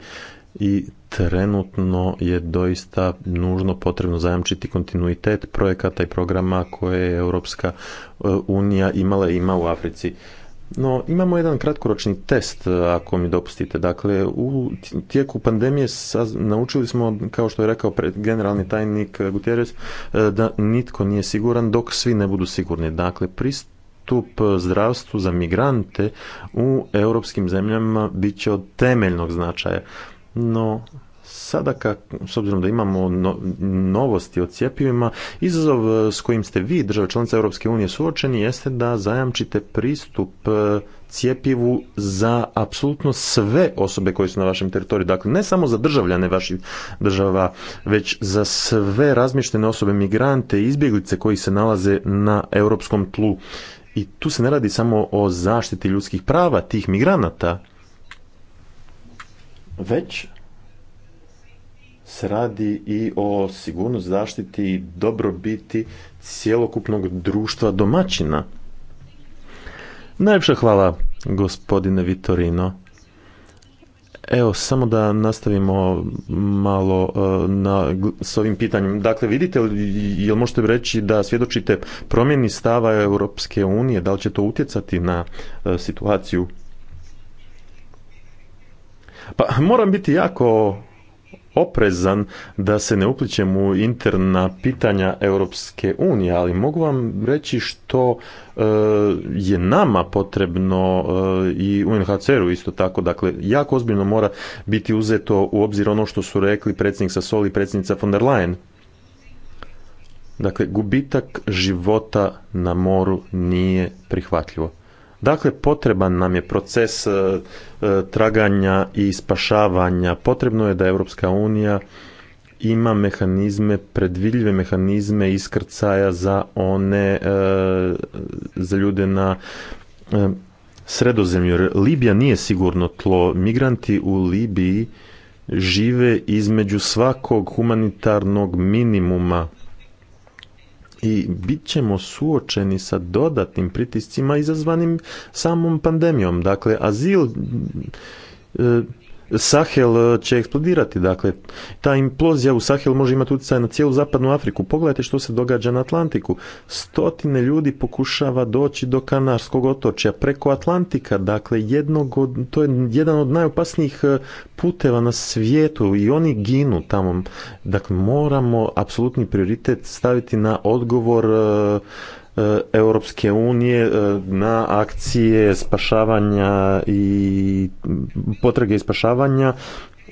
i trenutno je doista nužno potrebno zajamčiti kontinuitet projekata i programa koje je Europska e, unija imala i ima u Africi. No, imamo jedan kratkoročni test, e, ako mi dopustite. Dakle, u tijeku pandemije naučili smo, kao što je rekao generalni tajnik e, Gutierrez, e, da nitko nije siguran dok svi ne budu sigurni. Dakle, pristup zdravstvu za migrante u europskim zemljama bit će od temeljnog značaja. No, sada, kak, s obzirom da imamo novosti o cjepivima, izazov e, s kojim ste vi, država članica Europske unije, suočeni jeste da zajamčite pristup e, cjepivu za apsolutno sve osobe koje su na vašem teritoriju. Dakle, ne samo za državljane vaših država, već za sve razmještene osobe, migrante i izbjeglice koji se nalaze na europskom tlu. I tu se ne radi samo o zaštiti ljudskih prava tih migranata, već se radi i o sigurnost zaštiti i dobrobiti cjelokupnog društva domaćina. Najljepša hvala gospodine Vitorino. Evo, samo da nastavimo malo e, na, s ovim pitanjem. Dakle, vidite, jel možete reći da svjedočite promjeni stava Europske unije, da li će to utjecati na e, situaciju? Pa moram biti jako oprezan da se ne uplićem u interna pitanja Europske unije, ali mogu vam reći što e, je nama potrebno e, i UNHCR-u isto tako, dakle jako ozbiljno mora biti uzeto u obzir ono što su rekli predsjednik Sassoli i predsjednica von der Leyen. Dakle, gubitak života na moru nije prihvatljivo. Dakle, potreban nam je proces e, e, traganja i spašavanja. Potrebno je da Europska unija ima mehanizme, predvidljive mehanizme iskrcaja za one, e, za ljude na sredozemlju. Libija nije sigurno tlo. Migranti u Libiji žive između svakog humanitarnog minimuma i bit ćemo suočeni sa dodatnim pritiscima izazvanim samom pandemijom. Dakle, azil e, Sahel eh, će eksplodirati, dakle, ta implozija u Sahel može imati utjecaj na cijelu zapadnu Afriku. Pogledajte što se događa na Atlantiku. Stotine ljudi pokušava doći do Kanarskog otočja preko Atlantika, dakle, jednog to je jedan od najopasnijih eh, puteva na svijetu i oni ginu tamo. Dakle, moramo apsolutni prioritet staviti na odgovor eh, E, Europske unije e, na akcije spašavanja i potrage spašavanja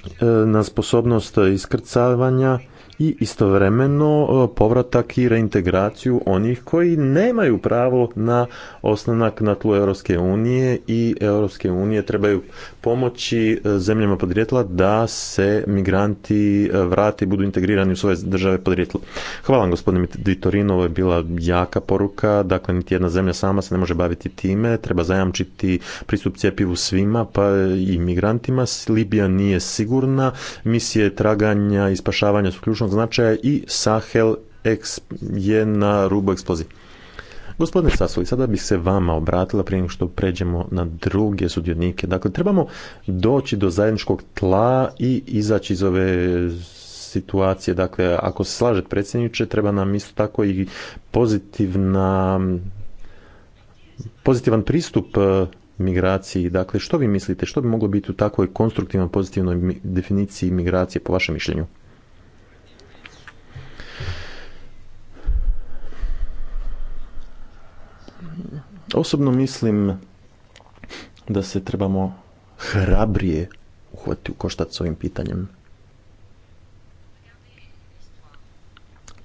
e, na sposobnost iskrcavanja i istovremeno povratak i reintegraciju onih koji nemaju pravo na osnanak na tlu Europske unije i Europske unije trebaju pomoći e, zemljama podrijetla da se migranti e, vrate i budu integrirani u svoje države podrijetla. Hvala vam gospodine Vitorino, ovo je bila jaka poruka, dakle niti jedna zemlja sama se ne može baviti time, treba zajamčiti pristup cjepivu svima pa i migrantima. Libija nije sigurna, misije traganja i spašavanja su ključnog značaja i Sahel je na rubu eksplozije. Gospodine Sasovi, sada bih se vama obratila prije nego što pređemo na druge sudionike. Dakle, trebamo doći do zajedničkog tla i izaći iz ove situacije. Dakle, ako se slažete predsjedniče, treba nam isto tako i pozitivna pozitivan pristup e, migraciji. Dakle, što vi mislite, što bi moglo biti u takvoj konstruktivnoj pozitivnoj definiciji migracije po vašem mišljenju? Osobno mislim da se trebamo hrabrije uhvati u koštac s ovim pitanjem.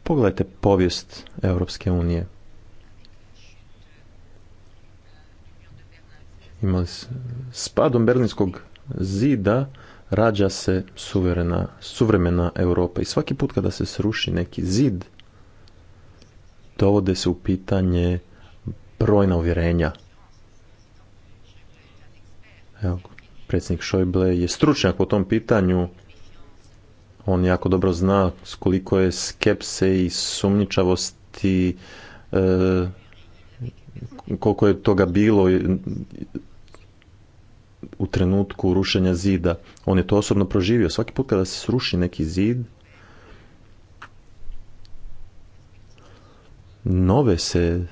Pogledajte povijest Europske unije. Imali spadom Berlinskog zida rađa se suverena, suvremena Europa i svaki put kada se sruši neki zid dovode se u pitanje brojna uvjerenja. Evo, predsjednik Šojble je stručnjak po tom pitanju. On jako dobro zna koliko je skepse i sumnjičavosti e, koliko je toga bilo u trenutku rušenja zida. On je to osobno proživio. Svaki put kada se sruši neki zid, nove se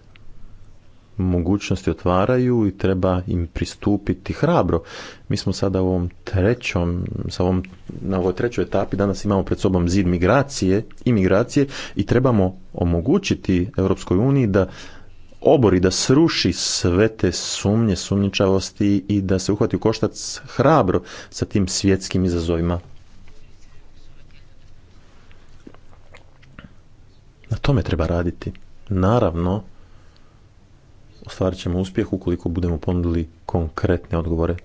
mogućnosti otvaraju i treba im pristupiti hrabro. Mi smo sada u ovom trećom, na ovoj trećoj etapi danas imamo pred sobom zid migracije, migracije i trebamo omogućiti Europskoj uniji da obori, da sruši sve te sumnje, sumnjičavosti i da se uhvati u koštac hrabro sa tim svjetskim izazovima. Na tome treba raditi. Naravno, ostvarit ćemo uspjeh ukoliko budemo ponudili konkretne odgovore.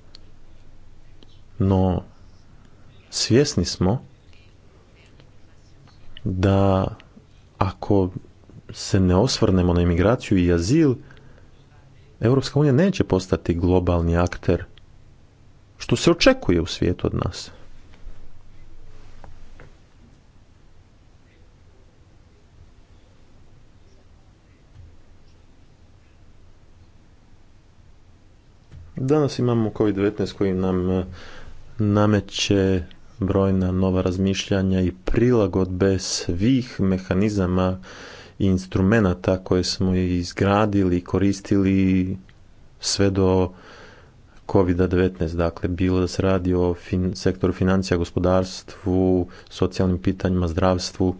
No, svjesni smo da ako se ne osvrnemo na imigraciju i azil, Europska unija neće postati globalni akter, što se očekuje u svijetu od nas. Danas imamo COVID-19 koji nam e, nameće brojna nova razmišljanja i prilagodbe svih mehanizama i instrumenata koje smo izgradili i koristili sve do COVID-19, dakle bilo da se radi o fin sektoru financija, gospodarstvu, socijalnim pitanjima, zdravstvu.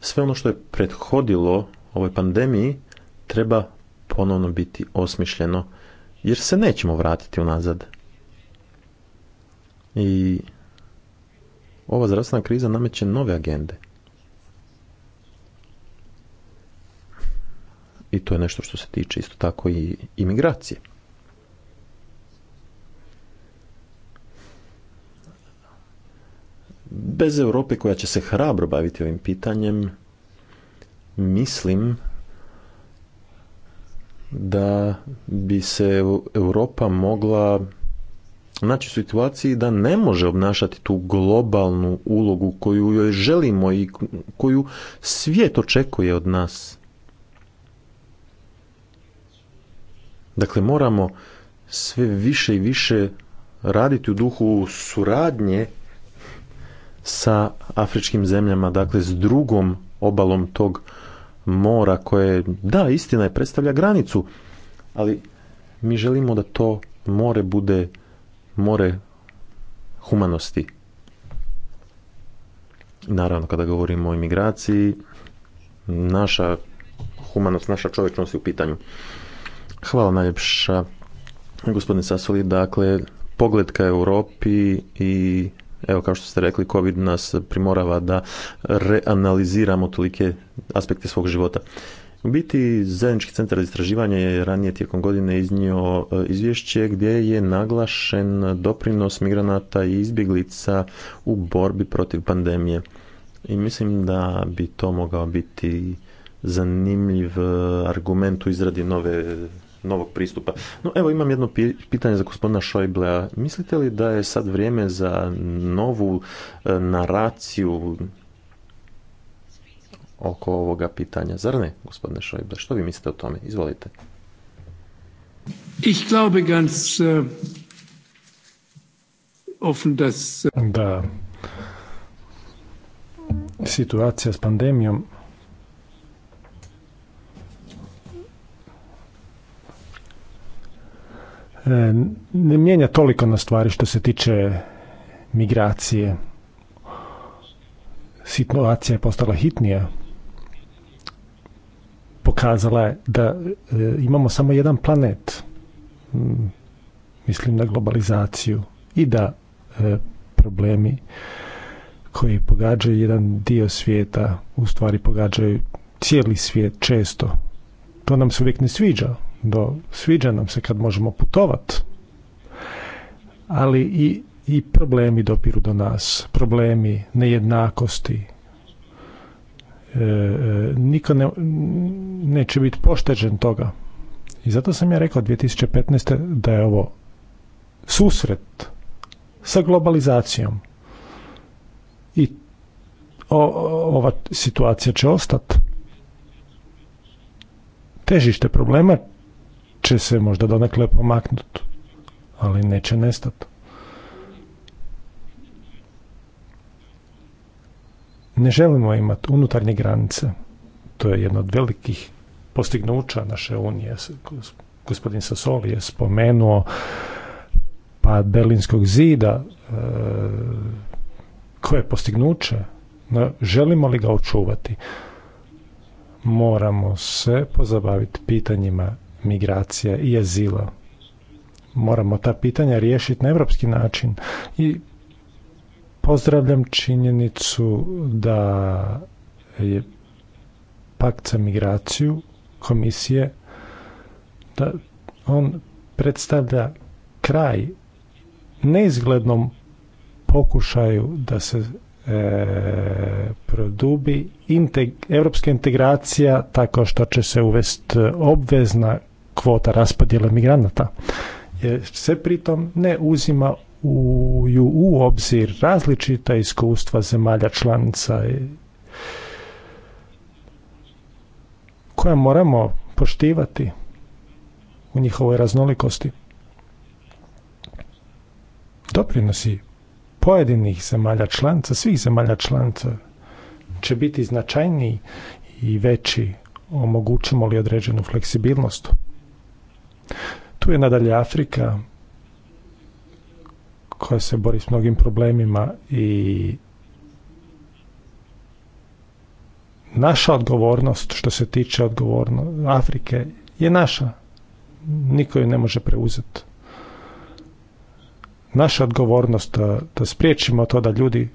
Sve ono što je prethodilo ovoj pandemiji treba ponovno biti osmišljeno, jer se nećemo vratiti unazad. I ova zdravstvena kriza nameće nove agende. I to je nešto što se tiče isto tako i imigracije. Bez Europe koja će se hrabro baviti ovim pitanjem, mislim da bi se Europa mogla naći u situaciji da ne može obnašati tu globalnu ulogu koju joj želimo i koju svijet očekuje od nas. Dakle, moramo sve više i više raditi u duhu suradnje sa afričkim zemljama, dakle s drugom obalom tog mora koje, da, istina je, predstavlja granicu, ali mi želimo da to more bude more humanosti. Naravno, kada govorimo o imigraciji, naša humanost, naša čovječnost je u pitanju. Hvala najljepša, gospodine Sasoli. Dakle, pogled ka Europi i Evo, kao što ste rekli, COVID nas primorava da reanaliziramo tolike aspekte svog života. U biti, Zajednički centar za istraživanje je ranije tijekom godine iznio e, izvješće gdje je naglašen doprinos migranata i izbjeglica u borbi protiv pandemije. I mislim da bi to mogao biti zanimljiv e, argument u izradi nove novog pristupa. No evo imam jedno pitanje za gospodina Šojblea. Mislite li da je sad vrijeme za novu e, naraciju oko ovoga pitanja? Zar ne, gospodine Šojble? Što vi mislite o tome? Izvolite. Ich glaube ganz äh, offen, dass... Äh, da, situacija s pandemijom E, ne mijenja toliko na stvari što se tiče migracije. Situacija je postala hitnija. Pokazala je da e, imamo samo jedan planet. Mislim na globalizaciju i da e, problemi koji pogađaju jedan dio svijeta u stvari pogađaju cijeli svijet često. To nam se uvijek ne sviđa, do sviđa nam se kad možemo putovat, ali i, i problemi dopiru do nas, problemi nejednakosti. E, e niko ne, neće biti pošteđen toga. I zato sam ja rekao 2015. da je ovo susret sa globalizacijom. I ova situacija će ostati. Težište problema će se možda donekle pomaknuti, ali neće nestati. Ne želimo imati unutarnje granice. To je jedno od velikih postignuća naše unije. Gospodin Sasoli je spomenuo pad Berlinskog zida e, koje je postignuće. želimo li ga očuvati? Moramo se pozabaviti pitanjima migracija i azila. Moramo ta pitanja riješiti na evropski način i pozdravljam činjenicu da je pakt za migraciju komisije da on predstavlja kraj neizglednom pokušaju da se e, produbi integ, evropska integracija tako što će se uvesti obvezna kvota raspodjele migranata. Jer se pritom ne uzima u, u obzir različita iskustva zemalja članica koja moramo poštivati u njihovoj raznolikosti. Doprinosi pojedinih zemalja članica, svih zemalja članica, će biti značajniji i veći omogućimo li određenu fleksibilnost tu je nadalje Afrika koja se bori s mnogim problemima i naša odgovornost što se tiče odgovornosti Afrike je naša. Niko ju ne može preuzeti. Naša odgovornost da, da spriječimo to da ljudi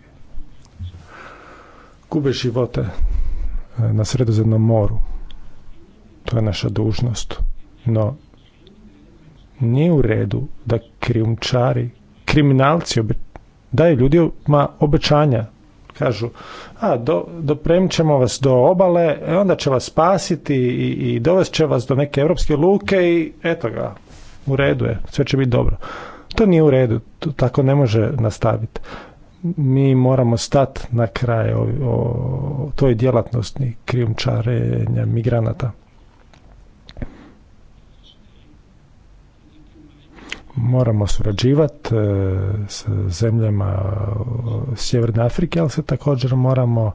gube živote eh, na Sredozemnom moru. To je naša dužnost. No, nije u redu da krijumčari, kriminalci obe, daju ljudima obećanja. Kažu, a, do, dopremit ćemo vas do obale, e, onda će vas spasiti i, i dovest će vas do neke evropske luke i eto ga, u redu je, sve će biti dobro. To nije u redu, to tako ne može nastaviti. Mi moramo stat na kraj o, o toj djelatnosti krijumčarenja migranata. moramo surađivati e, s zemljama e, Sjeverne Afrike, ali se također moramo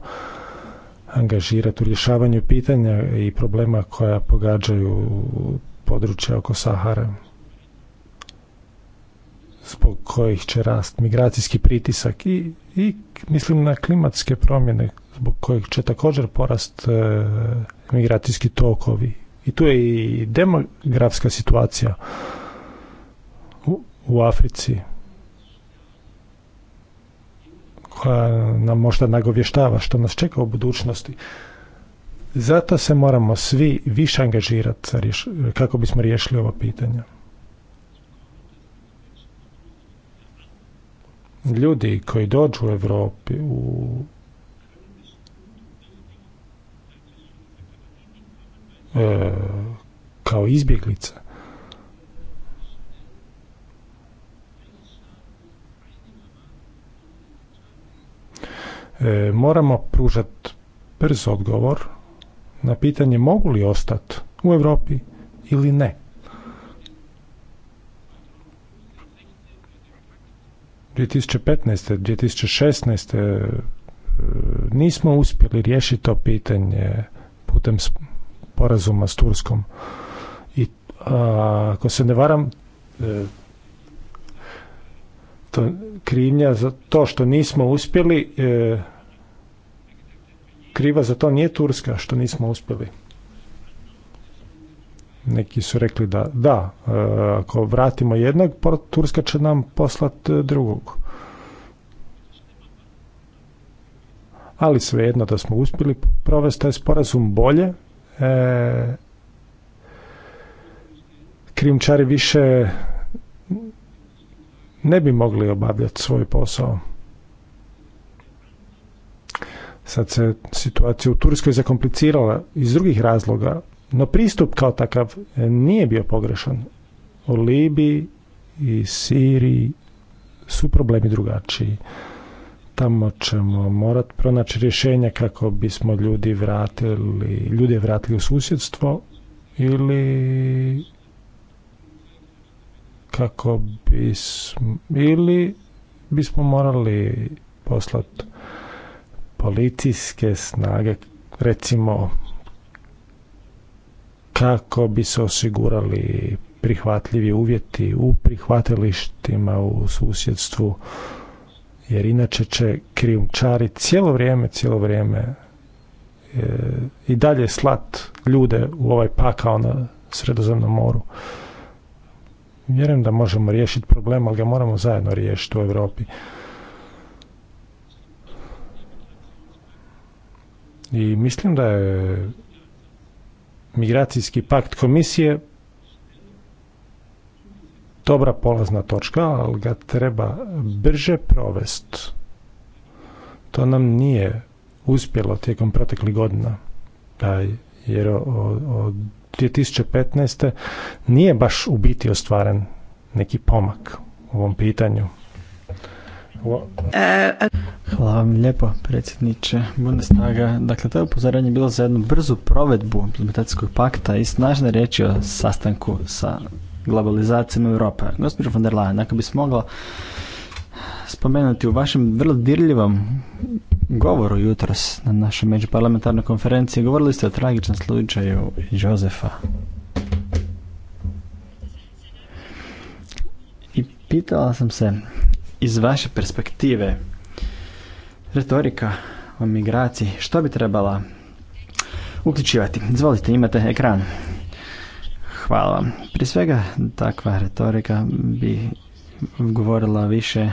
angažirati u rješavanju pitanja i problema koja pogađaju područje oko Sahare zbog kojih će rast migracijski pritisak i, i mislim na klimatske promjene zbog kojih će također porast e, migracijski tokovi. I tu je i demografska situacija u Africi koja nam možda nagovještava što nas čeka u budućnosti. Zato se moramo svi više angažirati kako bismo riješili ova pitanja. Ljudi koji dođu u Europi u e, kao izbjeglica E, moramo pružati brz odgovor na pitanje mogu li ostati u Europi ili ne. tisuće 2015. 2016. E, nismo uspjeli riješiti to pitanje putem porazuma s Turskom. I ako se ne varam, e, krivnja za to što nismo uspjeli e, kriva za to nije Turska što nismo uspjeli. Neki su rekli da da, e, ako vratimo jednog, Turska će nam poslati e, drugog. Ali svejedno da smo uspjeli provesti taj sporazum bolje, e, krimčari više ne bi mogli obavljati svoj posao. Sad se situacija u Turskoj zakomplicirala iz drugih razloga, no pristup kao takav e, nije bio pogrešan. U Libiji i Siriji su problemi drugačiji. Tamo ćemo morati pronaći rješenja kako bismo ljudi vratili, ljude vratili u susjedstvo ili kako bismo ili bismo morali poslati policijske snage recimo kako bi se osigurali prihvatljivi uvjeti u prihvatilištima u susjedstvu jer inače će krijumčari cijelo vrijeme, cijelo vrijeme e, i dalje slat ljude u ovaj pakao na Sredozemnom moru. Vjerujem da možemo riješiti problem, ali ga moramo zajedno riješiti u Europi. I mislim da je migracijski pakt komisije dobra polazna točka, ali ga treba brže provest. To nam nije uspjelo tijekom proteklih godina. Jer od 2015. nije baš u biti ostvaren neki pomak u ovom pitanju. Hvala vam lijepo, predsjedniče Bundestaga. Dakle, to je upozoranje bilo za jednu brzu provedbu implementacijskog pakta i snažne riječi o sastanku sa globalizacijom Europe. Gospodin von der Leyen, ako bi smogla spomenuti u vašem vrlo dirljivom govoru jutros na našoj međuparlamentarnoj konferenciji. Govorili ste o tragičnom slučaju Jozefa. I pitala sam se iz vaše perspektive retorika o migraciji, što bi trebala uključivati? Izvolite, imate ekran. Hvala vam. Prije svega, takva retorika bi govorila više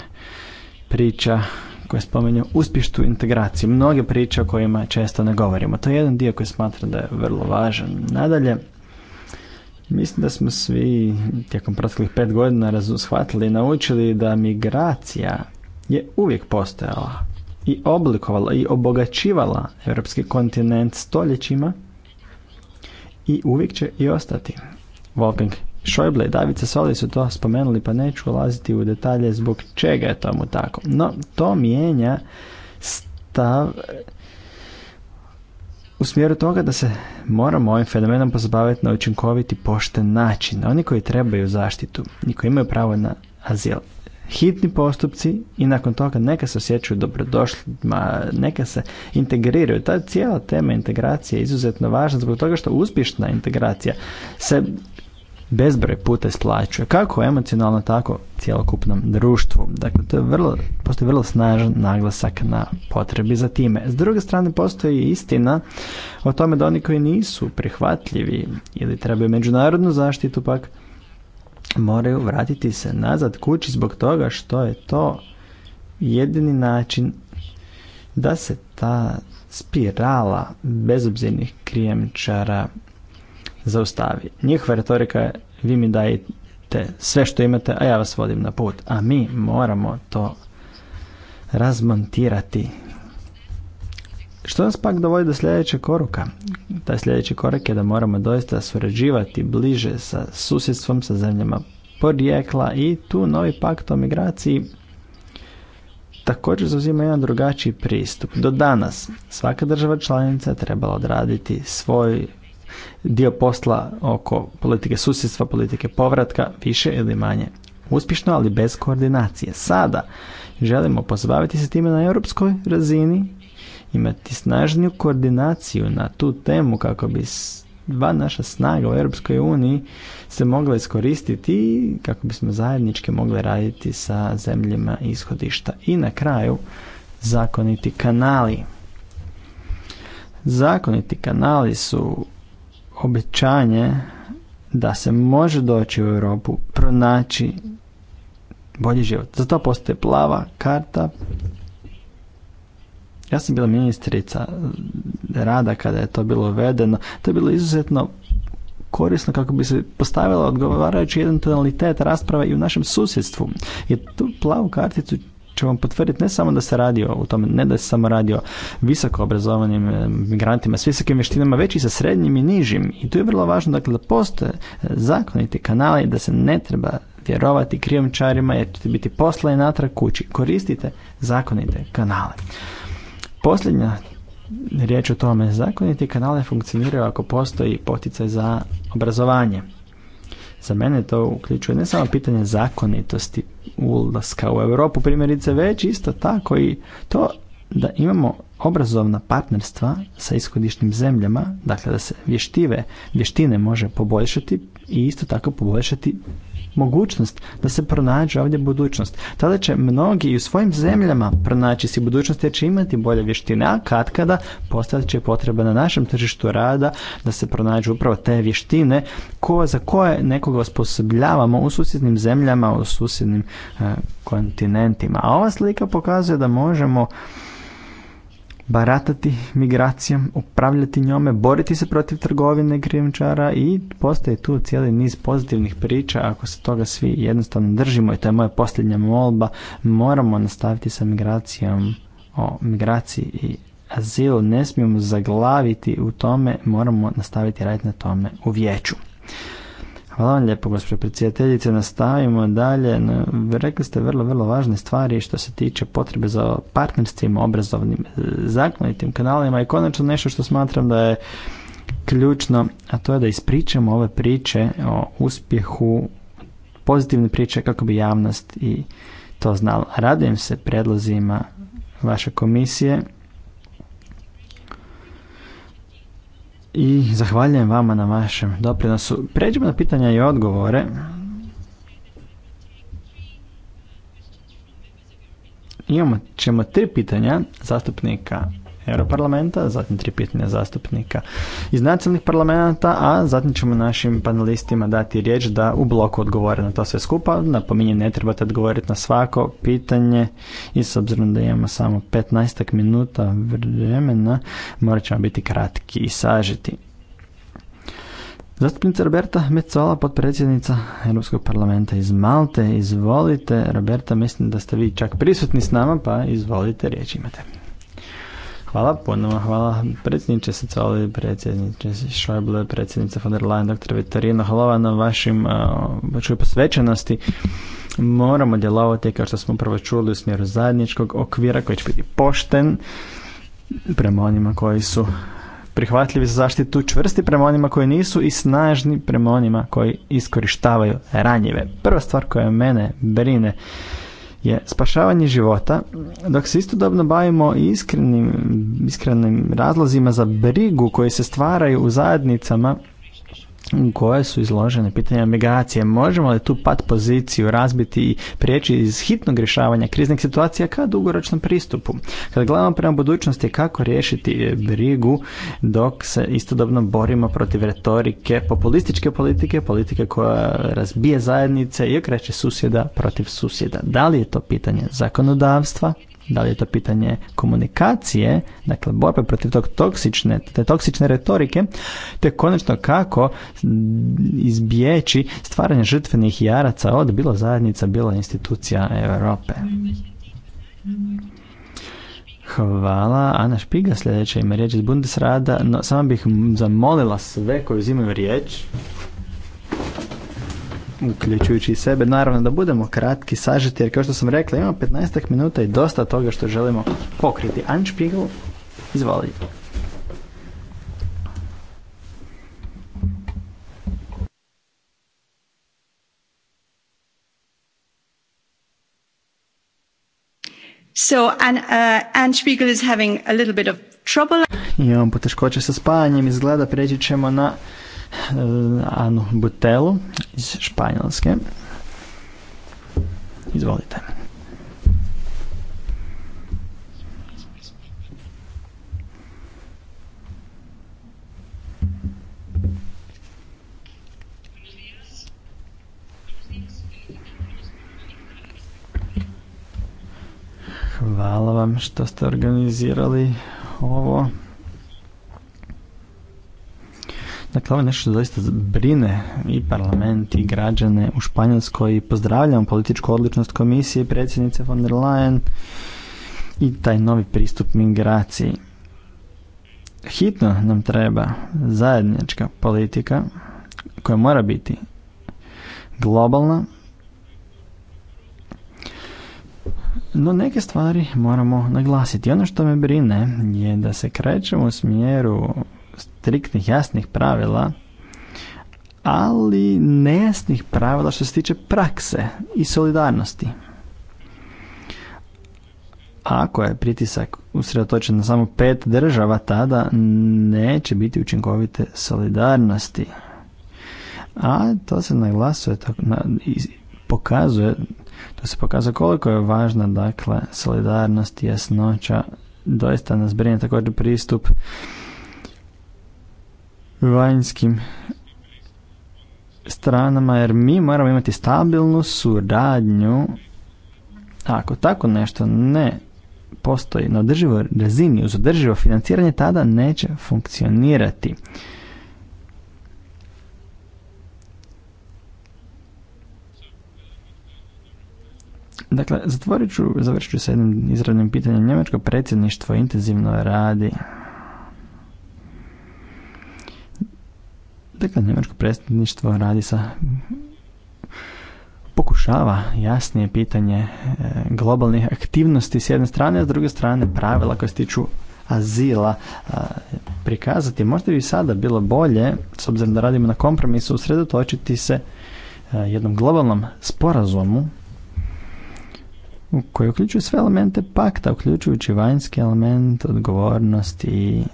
priča koje spominju uspještu integraciju. Mnoge priče o kojima često ne govorimo. To je jedan dio koji smatram da je vrlo važan. Nadalje, mislim da smo svi tijekom proteklih pet godina shvatili i naučili da migracija je uvijek postojala i oblikovala i obogaćivala europski kontinent stoljećima i uvijek će i ostati. Wolfgang Šojble i Davica Soli su to spomenuli pa neću ulaziti u detalje zbog čega je tomu tako. No, to mijenja stav u smjeru toga da se moramo ovim fenomenom pozabaviti na učinkoviti pošten način. Oni koji trebaju zaštitu i koji imaju pravo na azil. Hitni postupci i nakon toga neka se osjećaju dobrodošlima, neka se integriraju. Ta cijela tema integracije je izuzetno važna zbog toga što uspješna integracija se bezbroj puta isplaćuje, kako emocionalno, tako cjelokupnom društvu. Dakle, to je vrlo, postoji vrlo snažan naglasak na potrebi za time. S druge strane, postoji istina o tome da oni koji nisu prihvatljivi ili trebaju međunarodnu zaštitu, pak moraju vratiti se nazad kući zbog toga što je to jedini način da se ta spirala bezobzirnih krijemčara zaustavi. Njihova retorika je vi mi dajete sve što imate, a ja vas vodim na put. A mi moramo to razmontirati. Što nas pak dovodi do sljedećeg koruka? Taj sljedeći korak je da moramo doista surađivati bliže sa susjedstvom, sa zemljama porijekla i tu novi pakt o migraciji također zauzima jedan drugačiji pristup. Do danas svaka država članica trebala odraditi svoj dio posla oko politike susjedstva, politike povratka, više ili manje uspješno, ali bez koordinacije. Sada želimo pozbaviti se time na europskoj razini, imati snažniju koordinaciju na tu temu kako bi dva naša snaga u Europskoj uniji se mogla iskoristiti i kako bismo zajednički mogli raditi sa zemljama ishodišta. I na kraju, zakoniti kanali. Zakoniti kanali su obećanje da se može doći u Europu, pronaći bolji život. Za to postoji plava karta. Ja sam bila ministrica rada kada je to bilo uvedeno. To je bilo izuzetno korisno kako bi se postavila odgovarajući jedan tonalitet rasprave i u našem susjedstvu. Jer tu plavu karticu će vam potvrditi ne samo da se radi o tome, ne da se samo radi o visoko obrazovanim eh, migrantima s visokim vještinama, već i sa srednjim i nižim. I tu je vrlo važno dakle, da postoje eh, zakoniti kanali da se ne treba vjerovati čarima jer ćete biti posla i natrag kući. Koristite zakonite kanale. Posljednja riječ o tome, zakoniti kanale funkcioniraju ako postoji poticaj za obrazovanje. Za mene to uključuje ne samo pitanje zakonitosti ulaska u Europu primjerice već isto tako i to da imamo obrazovna partnerstva sa ishodišnim zemljama, dakle da se vještive, vještine može poboljšati i isto tako poboljšati mogućnost da se pronađe ovdje budućnost. Tada će mnogi i u svojim zemljama pronaći si budućnost jer će imati bolje vještine, a kad kada postavit će potreba na našem tržištu rada da se pronađu upravo te vještine ko, za koje nekoga osposobljavamo u susjednim zemljama, u susjednim eh, kontinentima. A ova slika pokazuje da možemo baratati migracijom, upravljati njome, boriti se protiv trgovine krijumčara i postoji tu cijeli niz pozitivnih priča ako se toga svi jednostavno držimo i to je moja posljednja molba, moramo nastaviti sa migracijom o migraciji i azilu, ne smijemo zaglaviti u tome, moramo nastaviti raditi na tome u vijeću. Hvala vam lijepo, gospođo predsjedateljice. Nastavimo dalje. Rekli ste vrlo, vrlo važne stvari što se tiče potrebe za partnerstvim, obrazovnim, e, zakonitim kanalima i konačno nešto što smatram da je ključno, a to je da ispričamo ove priče o uspjehu, pozitivne priče kako bi javnost i to znala. Radujem se predlozima vaše komisije i zahvaljujem vama na vašem doprinosu. Pređemo na pitanja i odgovore. Imamo, ćemo tri pitanja zastupnika Europarlamenta, zatim tri pitanja zastupnika iz nacionalnih parlamenta, a zatim ćemo našim panelistima dati riječ da u bloku odgovore na to sve skupa. Napominjem, ne trebate odgovoriti na svako pitanje i s obzirom da imamo samo 15 minuta vremena, morat ćemo biti kratki i sažiti. Zastupnica Roberta Mecola, potpredsjednica Europskog parlamenta iz Malte, izvolite. Roberta, mislim da ste vi čak prisutni s nama, pa izvolite, riječ imate. Hvala, ponovno hvala predsjedniče Sicoli, predsjedniče Šojble, predsjednice von der Leyen, dr. Vitorino, hvala na vašim, vašoj posvećenosti. Moramo djelovati, kao što smo prvo čuli, u smjeru zajedničkog okvira koji će biti pošten prema onima koji su prihvatljivi za zaštitu, čvrsti prema onima koji nisu i snažni prema onima koji iskorištavaju ranjive. Prva stvar koja mene brine je spašavanje života, dok se istodobno bavimo iskrenim, iskrenim razlozima za brigu koji se stvaraju u zajednicama koje su izložene pitanje migracije. Možemo li tu pat poziciju razbiti i prijeći iz hitnog rješavanja kriznih situacija ka dugoročnom pristupu? Kad gledamo prema budućnosti kako riješiti e, brigu dok se istodobno borimo protiv retorike populističke politike, politike koja razbije zajednice i okreće susjeda protiv susjeda. Da li je to pitanje zakonodavstva, da li je to pitanje komunikacije, dakle borbe protiv tog toksične, te toksične retorike, te konačno kako izbjeći stvaranje žrtvenih jaraca od bilo zajednica, bilo institucija Europe. Hvala. Ana Špiga sljedeća ima riječ iz Bundesrada, no samo bih zamolila sve koji uzimaju riječ uključujući i sebe, naravno da budemo kratki, sažeti, jer kao što sam rekla, imamo 15 minuta i dosta toga što želimo pokriti. Anšpigel, izvoli. So, and, uh, Spiegel is having a little bit of trouble. poteškoće sa spajanjem, izgleda preći ćemo na Eh, anu Butelu iz Španjolske. Izvolite. Hvala vam što ste organizirali ovo. Dakle, ovo je nešto doista brine i parlament i građane u Španjolskoj pozdravljam političku odličnost komisije predsjednice von der Leyen i taj novi pristup migraciji. Hitno nam treba zajednička politika koja mora biti globalna, no neke stvari moramo naglasiti. Ono što me brine je da se krećemo u smjeru striktnih, jasnih pravila, ali nejasnih pravila što se tiče prakse i solidarnosti. ako je pritisak usredotočen na samo pet država, tada neće biti učinkovite solidarnosti. A to se naglasuje, to, na, pokazuje, to se pokazuje koliko je važna dakle, solidarnost i jasnoća. Doista nas brine također pristup vanjskim stranama jer mi moramo imati stabilnu suradnju. Ako tako nešto ne postoji na održivoj razini uz održivo financiranje tada neće funkcionirati. Dakle, zatvorit ću, završit ću sa jednim izravnim pitanjem. Njemačko predsjedništvo intenzivno radi njemačko predstavništvo radi sa pokušava jasnije pitanje e, globalnih aktivnosti s jedne strane, a s druge strane pravila koje se tiču azila e, prikazati. Možda bi sada bilo bolje, s obzirom da radimo na kompromisu, usredotočiti se e, jednom globalnom sporazumu koji uključuje sve elemente pakta, uključujući vanjski element, odgovornosti, i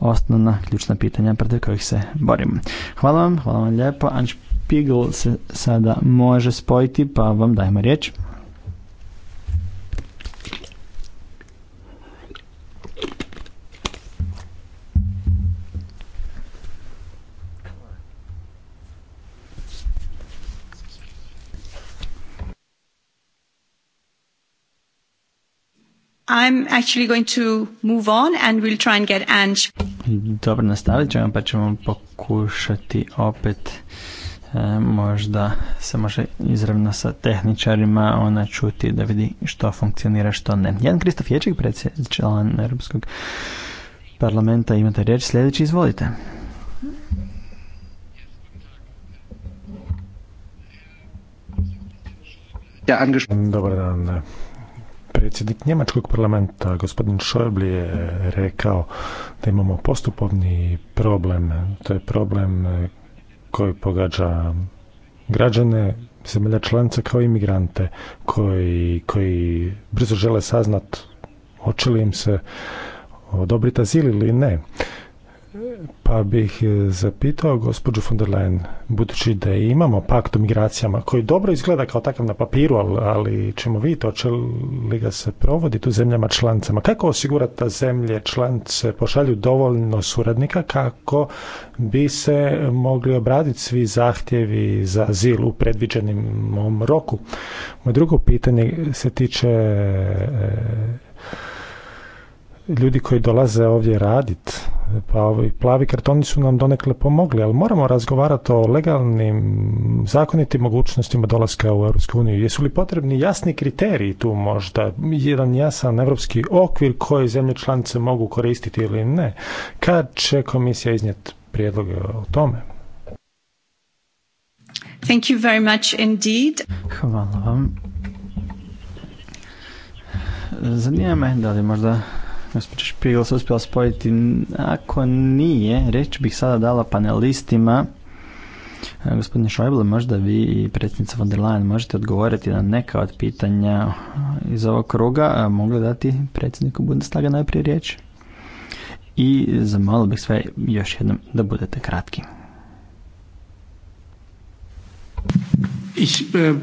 osnovna ključna pitanja protiv kojih se borimo. Hvala vam, hvala vam lijepo. Anč Pigl se sada može spojiti, pa vam dajemo riječ. I'm actually Dobro, nastavit ćemo pa ćemo pokušati opet e, možda se može izravno sa tehničarima ona čuti da vidi što funkcionira, što ne. Jan Kristof Ječek, predsjednik član Europskog parlamenta, imate riječ sljedeći, izvolite. Ja, Dobar dan, Predsjednik Njemačkog parlamenta, gospodin Schäuble, je rekao da imamo postupovni problem. To je problem e, koji pogađa građane zemlja članica kao i migrante koji, koji brzo žele saznat hoće li im se odobriti azil ili ne pa bih e, zapitao gospođu von der Leyen, budući da imamo pakt o migracijama, koji dobro izgleda kao takav na papiru, ali, ćemo vidjeti hoće li ga se provoditi u zemljama članicama. Kako osigurati da zemlje članice pošalju dovoljno suradnika kako bi se mogli obraditi svi zahtjevi za azil u predviđenom roku? Moje drugo pitanje se tiče e, ljudi koji dolaze ovdje radit, pa ovi plavi kartoni su nam donekle pomogli, ali moramo razgovarati o legalnim, zakonitim mogućnostima dolaska u EU. Jesu li potrebni jasni kriteriji tu možda? Jedan jasan evropski okvir koje zemlje članice mogu koristiti ili ne? Kad će komisija iznijeti prijedloge o tome? Thank you very much indeed. Hvala vam. Zanima me da li možda Gospođa Špigl se uspjela spojiti. Ako nije, reći bih sada dala panelistima. E, gospodine Šojble, možda vi i predsjednica von der Leyen možete odgovoriti na neka od pitanja iz ovog kruga. E, Mogli dati predsjedniku Bundestaga najprije riječ? I zamolio bih sve još jednom da budete kratki. Ich, e,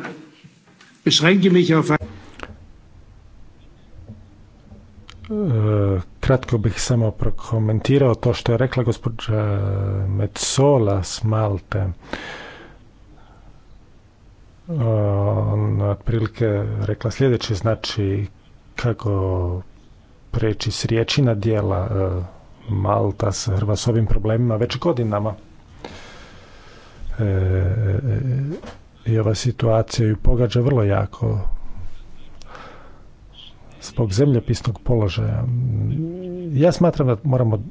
Kratko bih samo prokomentirao to što je rekla gospođa Metzola s Malte. Ona otprilike rekla sljedeće, znači kako preći s riječi na dijela e, Malta s Hrva ovim problemima već godinama. E, e, I ova situacija ju pogađa vrlo jako zbog zemljopisnog položaja. Ja smatram da moramo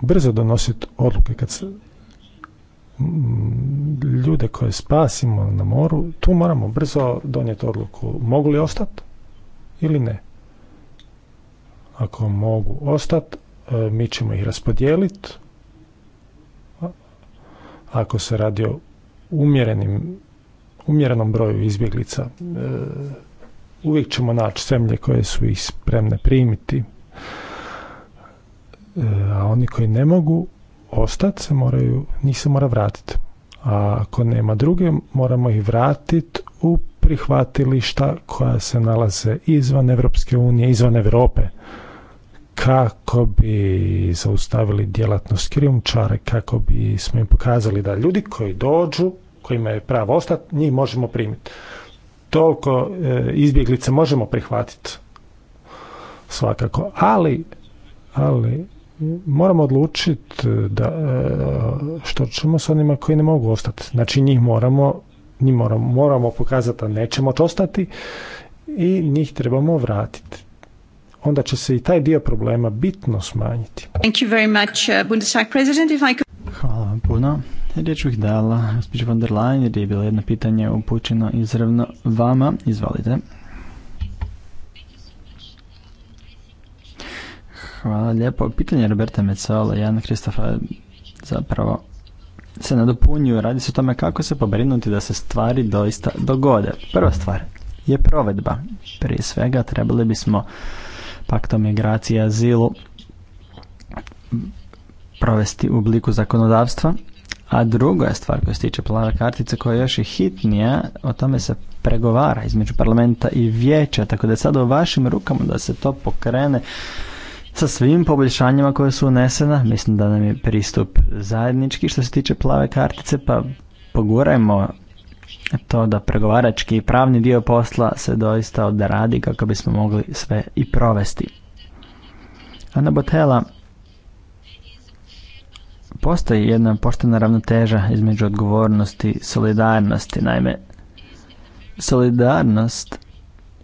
brzo donositi odluke kad se mm, ljude koje spasimo na moru, tu moramo brzo donijeti odluku. Mogu li ostati ili ne? Ako mogu ostati, e, mi ćemo ih raspodijeliti. Ako se radi o umjerenim, umjerenom broju izbjeglica, e, uvijek ćemo naći zemlje koje su ih spremne primiti. E, a oni koji ne mogu ostati, se moraju, njih se mora vratiti. A ako nema druge, moramo ih vratiti u prihvatilišta koja se nalaze izvan Evropske unije, izvan Europe kako bi zaustavili djelatnost krijumčare, kako bi smo im pokazali da ljudi koji dođu, kojima je pravo ostati, njih možemo primiti toliko e, izbjeglice možemo prihvatiti svakako, ali ali moramo odlučiti da e, što ćemo s onima koji ne mogu ostati. Znači njih moramo moramo, moramo pokazati da nećemo ostati i njih trebamo vratiti. Onda će se i taj dio problema bitno smanjiti. Thank you very much, uh, Bundestag President. If I Hvala vam puno. Riječ bih dala gospođi von der Leyen jer je bilo jedno pitanje upućeno izravno vama. Izvolite. Hvala lijepo. Pitanje Roberta Mecola i Jana Kristofa zapravo se nadopunjuju. Radi se o tome kako se pobrinuti da se stvari doista dogode. Prva stvar je provedba. Prije svega trebali bismo paktom migracije i azilu provesti u obliku zakonodavstva. A druga je stvar koja se tiče plave kartice koja je još i hitnija, o tome se pregovara između parlamenta i vijeća, tako da je sada u vašim rukama da se to pokrene sa svim poboljšanjima koje su unesena. Mislim da nam je pristup zajednički što se tiče plave kartice, pa pogurajmo to da pregovarački i pravni dio posla se doista odradi kako bismo mogli sve i provesti. Ana Botela, postoji jedna poštena ravnoteža između odgovornosti i solidarnosti. Naime, solidarnost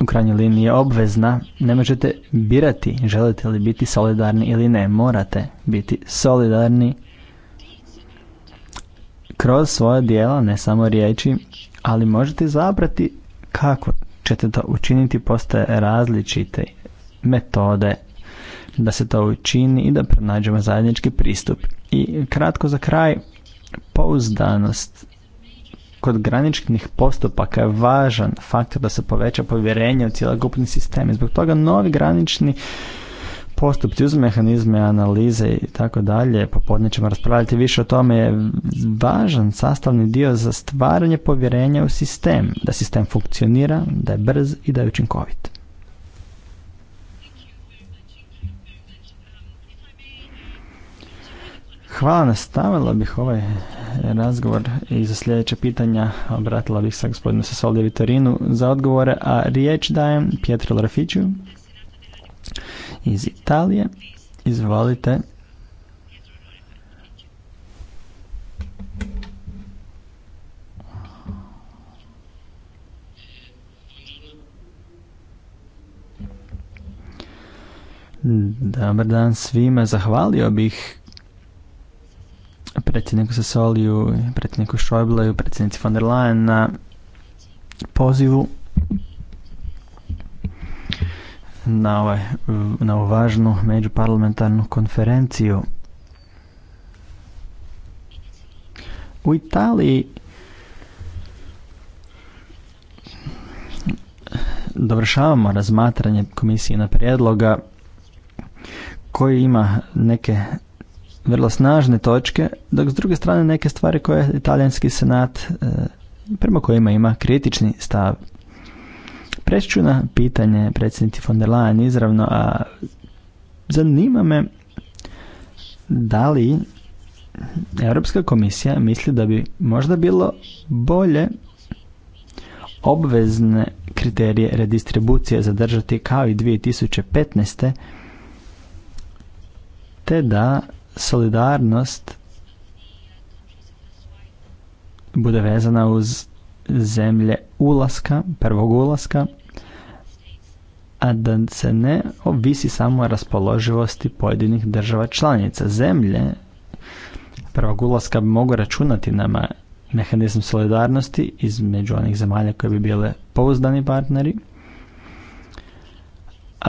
u krajnjoj liniji je obvezna. Ne možete birati želite li biti solidarni ili ne. Morate biti solidarni kroz svoje dijela, ne samo riječi, ali možete zabrati kako ćete to učiniti. Postoje različite metode da se to učini i da pronađemo zajednički pristup. I kratko za kraj, pouzdanost kod graničnih postupaka je važan faktor da se poveća povjerenje u cjelokupni sistem i zbog toga novi granični postupci uz mehanizme analize i tako dalje, popodne ćemo raspravljati više o tome, je važan sastavni dio za stvaranje povjerenja u sistem, da sistem funkcionira, da je brz i da je učinkovit. Hvala, nastavila bih ovaj razgovor i za sljedeće pitanja obratila bih se gospodinu Sasoldi Vitorinu za odgovore, a riječ dajem Pietro grafičju iz Italije. Izvolite. Dobar dan svima, zahvalio bih predsjedniku Sassoliju, predsjedniku Šojbleju, predsjednici von der Leyen na pozivu na, ovaj, na ovu važnu međuparlamentarnu konferenciju. U Italiji dovršavamo razmatranje komisije na prijedloga koji ima neke vrlo snažne točke, dok s druge strane neke stvari koje je italijanski senat e, prema kojima ima kritični stav. Preći na pitanje predsjednik von der Leyen izravno, a zanima me da li Europska komisija misli da bi možda bilo bolje obvezne kriterije redistribucije zadržati kao i 2015. te da solidarnost bude vezana uz zemlje ulaska, prvog ulaska, a da se ne ovisi samo o raspoloživosti pojedinih država članica. Zemlje prvog ulaska mogu računati na mehanizam solidarnosti između onih zemalja koje bi bile pouzdani partneri,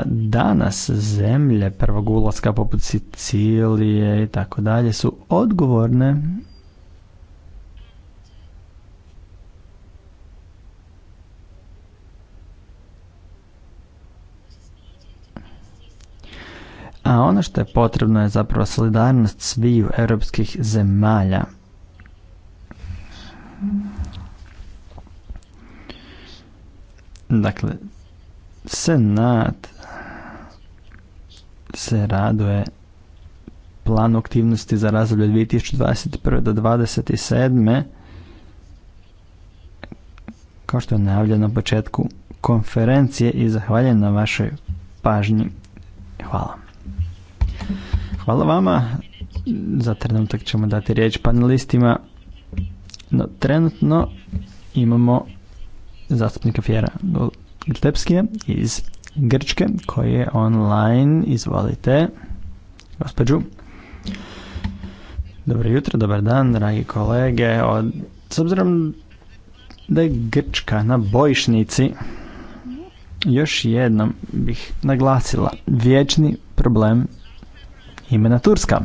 danas zemlje prvog ulaska poput Sicilije i tako dalje su odgovorne A ono što je potrebno je zapravo solidarnost sviju europskih zemalja. Dakle, Senat se raduje planu aktivnosti za razdoblje 2021. do 2027. Kao što je najavljeno na početku konferencije i zahvaljujem na vašoj pažnji. Hvala. Hvala vama. Za trenutak ćemo dati riječ panelistima. No, trenutno imamo zastupnika Fjera je iz Grčke koji je online. Izvolite, gospođu. Dobro jutro, dobar dan, dragi kolege. s obzirom da je Grčka na bojišnici, još jednom bih naglasila vječni problem imena Turska.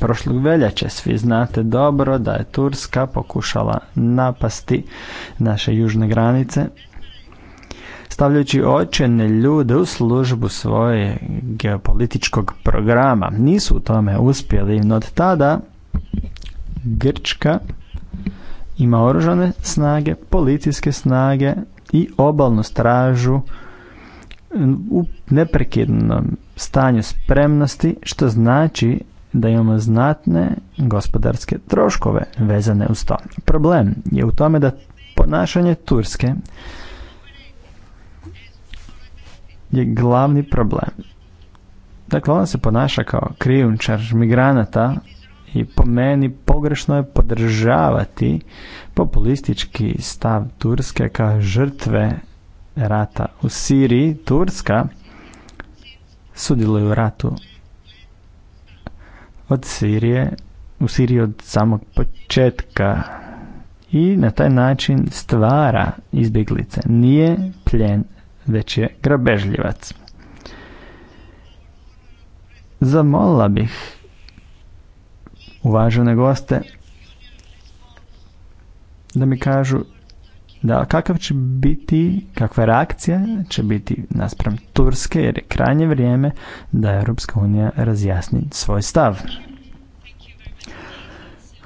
Prošlog veljače svi znate dobro da je Turska pokušala napasti naše južne granice stavljajući očene ljude u službu svoje geopolitičkog programa. Nisu u tome uspjeli, no od tada Grčka ima oružane snage, policijske snage i obalnu stražu u neprekidnom stanju spremnosti, što znači da imamo znatne gospodarske troškove vezane uz to. Problem je u tome da ponašanje Turske je glavni problem. Dakle, ona se ponaša kao krijumčar migranata i po meni pogrešno je podržavati populistički stav Turske kao žrtve rata u Siriji. Turska sudjeluje u ratu od Sirije, u Siriji od samog početka i na taj način stvara izbjeglice. Nije pljen već je grabežljivac. Zamolila bih uvažene goste da mi kažu da kakav će biti, kakva reakcija će biti naspram Turske jer je krajnje vrijeme da Europska unija razjasni svoj stav.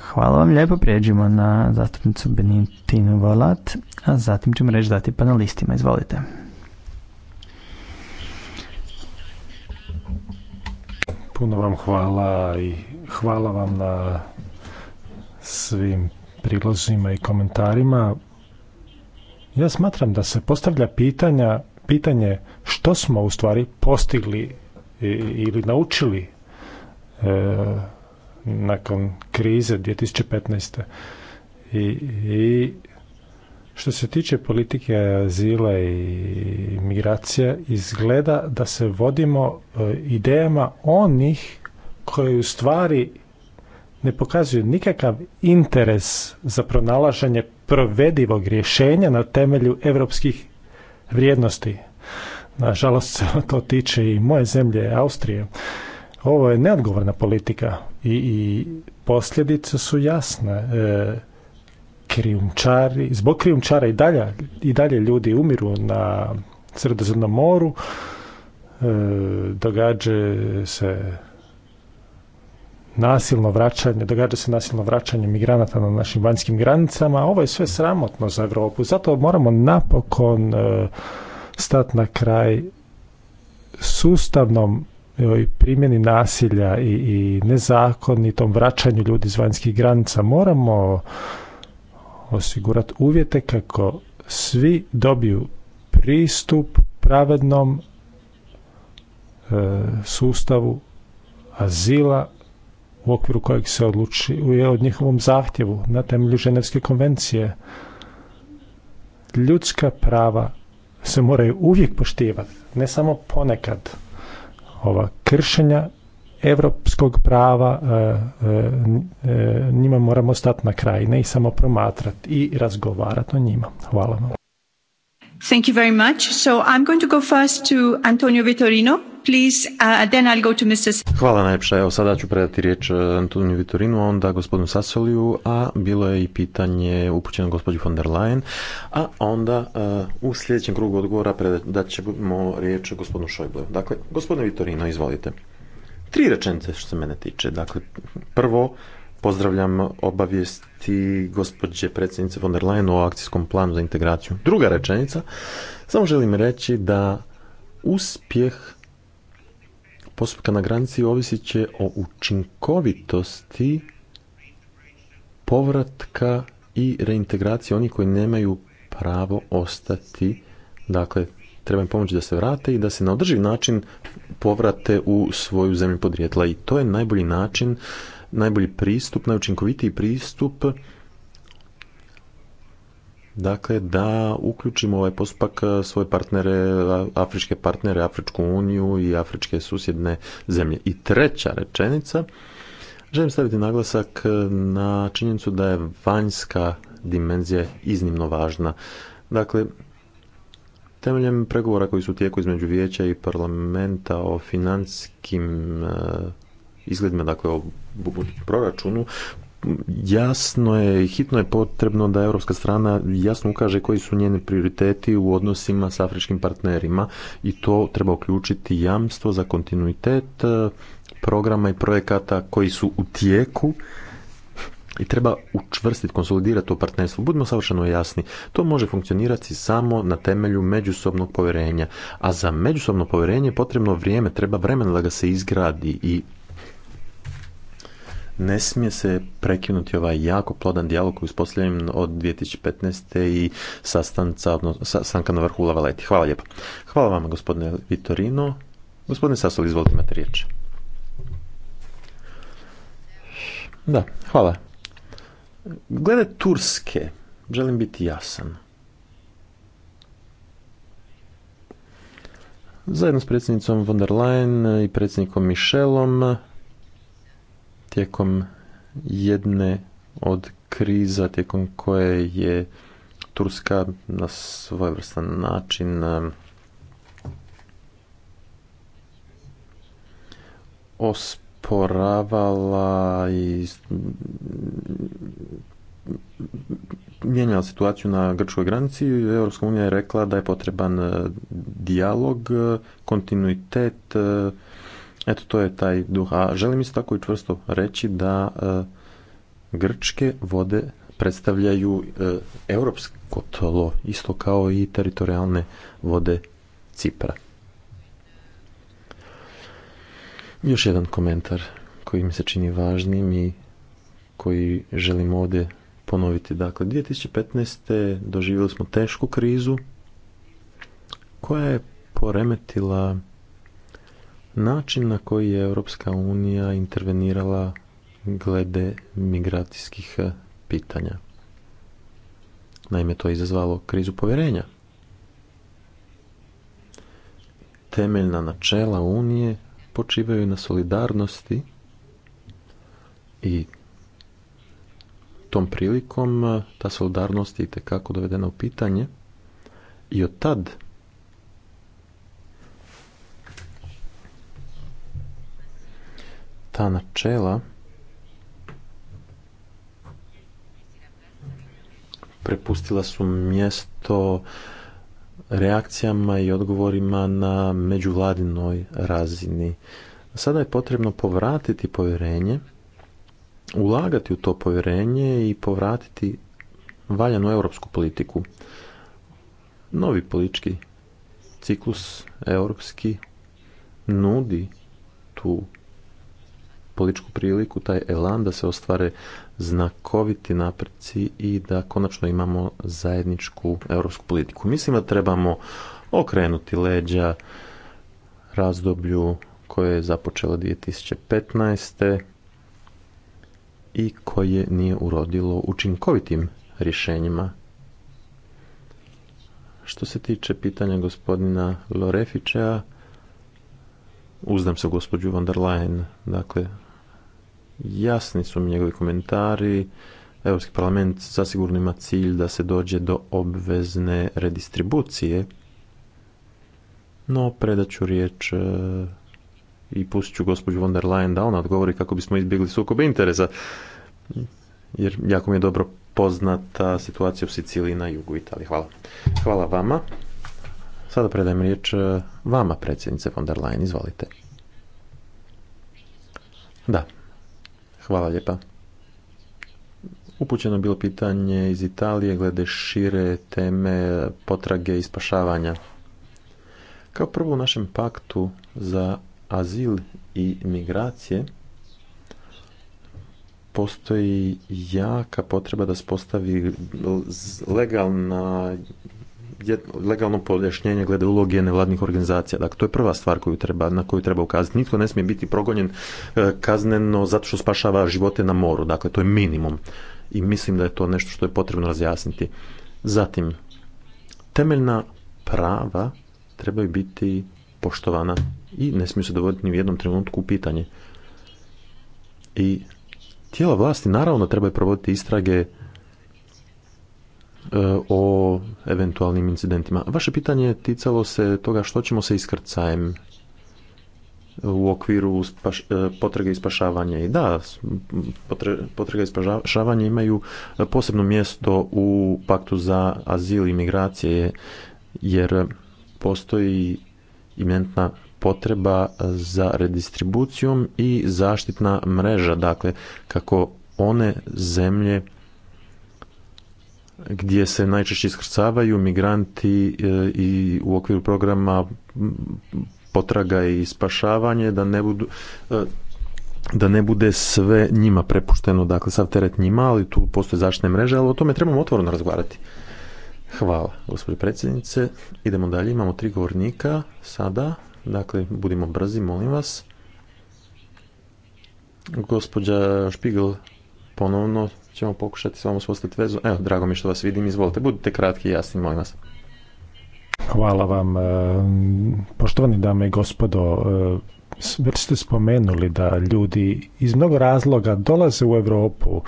Hvala vam lijepo, prijeđimo na zastupnicu Benitinu Volat, a zatim ćemo reći dati panelistima. Izvolite. Puno vam hvala i hvala vam na svim prilozima i komentarima. Ja smatram da se postavlja pitanja, pitanje što smo u stvari postigli ili naučili e, nakon krize 2015. I, i što se tiče politike azila i migracija, izgleda da se vodimo eh, idejama onih koji u stvari ne pokazuju nikakav interes za pronalaženje provedivog rješenja na temelju europskih vrijednosti. Nažalost to tiče i moje zemlje, Austrije. Ovo je neodgovorna politika i, posljedice su jasne. Eh, krijumčari, zbog krijumčara i dalje, i dalje ljudi umiru na Sredozemnom moru, e, događa se nasilno vraćanje, događa se nasilno vraćanje migranata na našim vanjskim granicama. Ovo je sve sramotno za Europu. Zato moramo napokon e, stati na kraj sustavnom i primjeni nasilja i, i nezakonitom vraćanju ljudi iz vanjskih granica. Moramo osigurati uvjete kako svi dobiju pristup pravednom e, sustavu azila u okviru kojeg se je od njihovom zahtjevu na temelju Ženevske konvencije. Ljudska prava se moraju uvijek poštivati, ne samo ponekad. Ova kršenja evropskog prava e, e, e, njima moramo stati na kraj, ne i samo promatrati i razgovarati o njima. Hvala vam. Thank you very much. So I'm going to go first to Antonio Vitorino. Please, uh, then I'll go to Hvala najpša. Evo sada ću predati riječ Antoniju Vitorinu, onda gospodinu Sasoliju, a bilo je i pitanje upućeno gospođi von der Leyen, a onda u sljedećem krugu odgovora predat ćemo riječ gospodinu Šojblevu. Dakle, gospodine Vitorino, izvolite. Tri rečenice što se mene tiče. Dakle, prvo, pozdravljam obavijesti gospođe predsjednice von der Leyen o akcijskom planu za integraciju. Druga rečenica, samo želim reći da uspjeh postupka na granici ovisit će o učinkovitosti povratka i reintegracije onih koji nemaju pravo ostati dakle treba im pomoći da se vrate i da se na održiv način povrate u svoju zemlju podrijetla. I to je najbolji način, najbolji pristup, najučinkovitiji pristup dakle da uključimo ovaj postupak e, svoje partnere, afričke partnere, Afričku uniju i afričke susjedne zemlje. I treća rečenica, želim staviti naglasak e, na činjenicu da je vanjska dimenzija iznimno važna. Dakle, Temeljem pregovora koji su tijeku između vijeća i parlamenta o financijskim e, izgledima, dakle o proračunu, jasno je i hitno je potrebno da europska strana jasno ukaže koji su njeni prioriteti u odnosima s afričkim partnerima i to treba uključiti jamstvo za kontinuitet e, programa i projekata koji su u tijeku i treba učvrstiti, konsolidirati to partnerstvo. Budimo savršeno jasni, to može funkcionirati samo na temelju međusobnog povjerenja, a za međusobno povjerenje potrebno vrijeme, treba vremena da ga se izgradi i ne smije se prekinuti ovaj jako plodan dijalog koji je od 2015. i sastanca, odnosno, sastanka na vrhu Lava Leti. Hvala lijepo. Hvala vama, gospodine Vitorino. Gospodine Sasol, izvolite imate riječ. Da, hvala Glede Turske, želim biti jasan. Zajedno s predsjednicom von der Leyen i predsjednikom Michelom tijekom jedne od kriza tijekom koje je Turska na svoj svojevrstan način eh, osp usporavala i mijenjala situaciju na grčkoj granici. Europska unija je rekla da je potreban e, dijalog, e, kontinuitet. E, eto, to je taj duh. A želim isto tako i čvrsto reći da grčke vode predstavljaju europsko tolo isto kao i teritorijalne vode Cipra. Još jedan komentar koji mi se čini važnim i koji želim ovdje ponoviti. Dakle, 2015. doživjeli smo tešku krizu koja je poremetila način na koji je Europska unija intervenirala glede migracijskih eh, pitanja. Naime, to je izazvalo krizu povjerenja. Temeljna načela Unije počivaju na solidarnosti i tom prilikom e, ta solidarnost je itekako dovedena u pitanje i od tad ta načela prepustila su mjesto reakcijama i odgovorima na međuvladinoj razini. Sada je potrebno povratiti povjerenje, ulagati u to povjerenje i povratiti valjanu europsku politiku. Novi politički ciklus europski nudi tu političku priliku, taj elan da se ostvare znakoviti napreci i da konačno imamo zajedničku europsku politiku. Mislim da trebamo okrenuti leđa razdoblju koje je započelo 2015. i koje nije urodilo učinkovitim rješenjima. Što se tiče pitanja gospodina Lorefića, uzdam se gospođu von der Leyen, dakle, jasni su mi njegovi komentari. Europski parlament zasigurno ima cilj da se dođe do obvezne redistribucije, no ću riječ e, i pustit ću gospođu von der Leyen da ona odgovori kako bismo izbjegli sukob interesa, jer jako mi je dobro poznata situacija u Siciliji na jugu Italije. Hvala. Hvala vama. Sada predajem riječ e, vama, predsjednice von der Leyen. Izvolite. Da, Hvala lijepa. Upućeno je bilo pitanje iz Italije glede šire teme potrage i spašavanja. Kao prvo u našem paktu za azil i migracije postoji jaka potreba da se postavi legalna legalno pojašnjenje glede uloge nevladnih organizacija. Dakle, to je prva stvar koju treba, na koju treba ukazati. Nitko ne smije biti progonjen e, kazneno zato što spašava živote na moru. Dakle, to je minimum. I mislim da je to nešto što je potrebno razjasniti. Zatim, temeljna prava trebaju biti poštovana i ne smiju se dovoditi ni u jednom trenutku u pitanje. I tijela vlasti naravno trebaju provoditi istrage E, o eventualnim incidentima. Vaše pitanje ticalo se toga što ćemo se iskrcajem u okviru spaš, e, potrage i spašavanja. I da, potrega potraga i spašavanje imaju posebno mjesto u paktu za azil i migracije jer postoji imentna potreba za redistribucijom i zaštitna mreža, dakle kako one zemlje gdje se najčešće iskrcavaju migranti e, i u okviru programa potraga i spašavanje da ne budu e, da ne bude sve njima prepušteno, dakle sav teret njima, ali tu postoje zaštne mreže, ali o tome trebamo otvoreno razgovarati. Hvala, gospođo predsjednice. Idemo dalje, imamo tri govornika sada, dakle budimo brzi, molim vas. Gospođa Špigel ponovno ćemo pokušati s vama uspostaviti vezu. Evo, drago mi što vas vidim, izvolite, budite kratki i jasni, molim vas. Hvala vam. E, Poštovani dame i gospodo, e, već ste spomenuli da ljudi iz mnogo razloga dolaze u Europu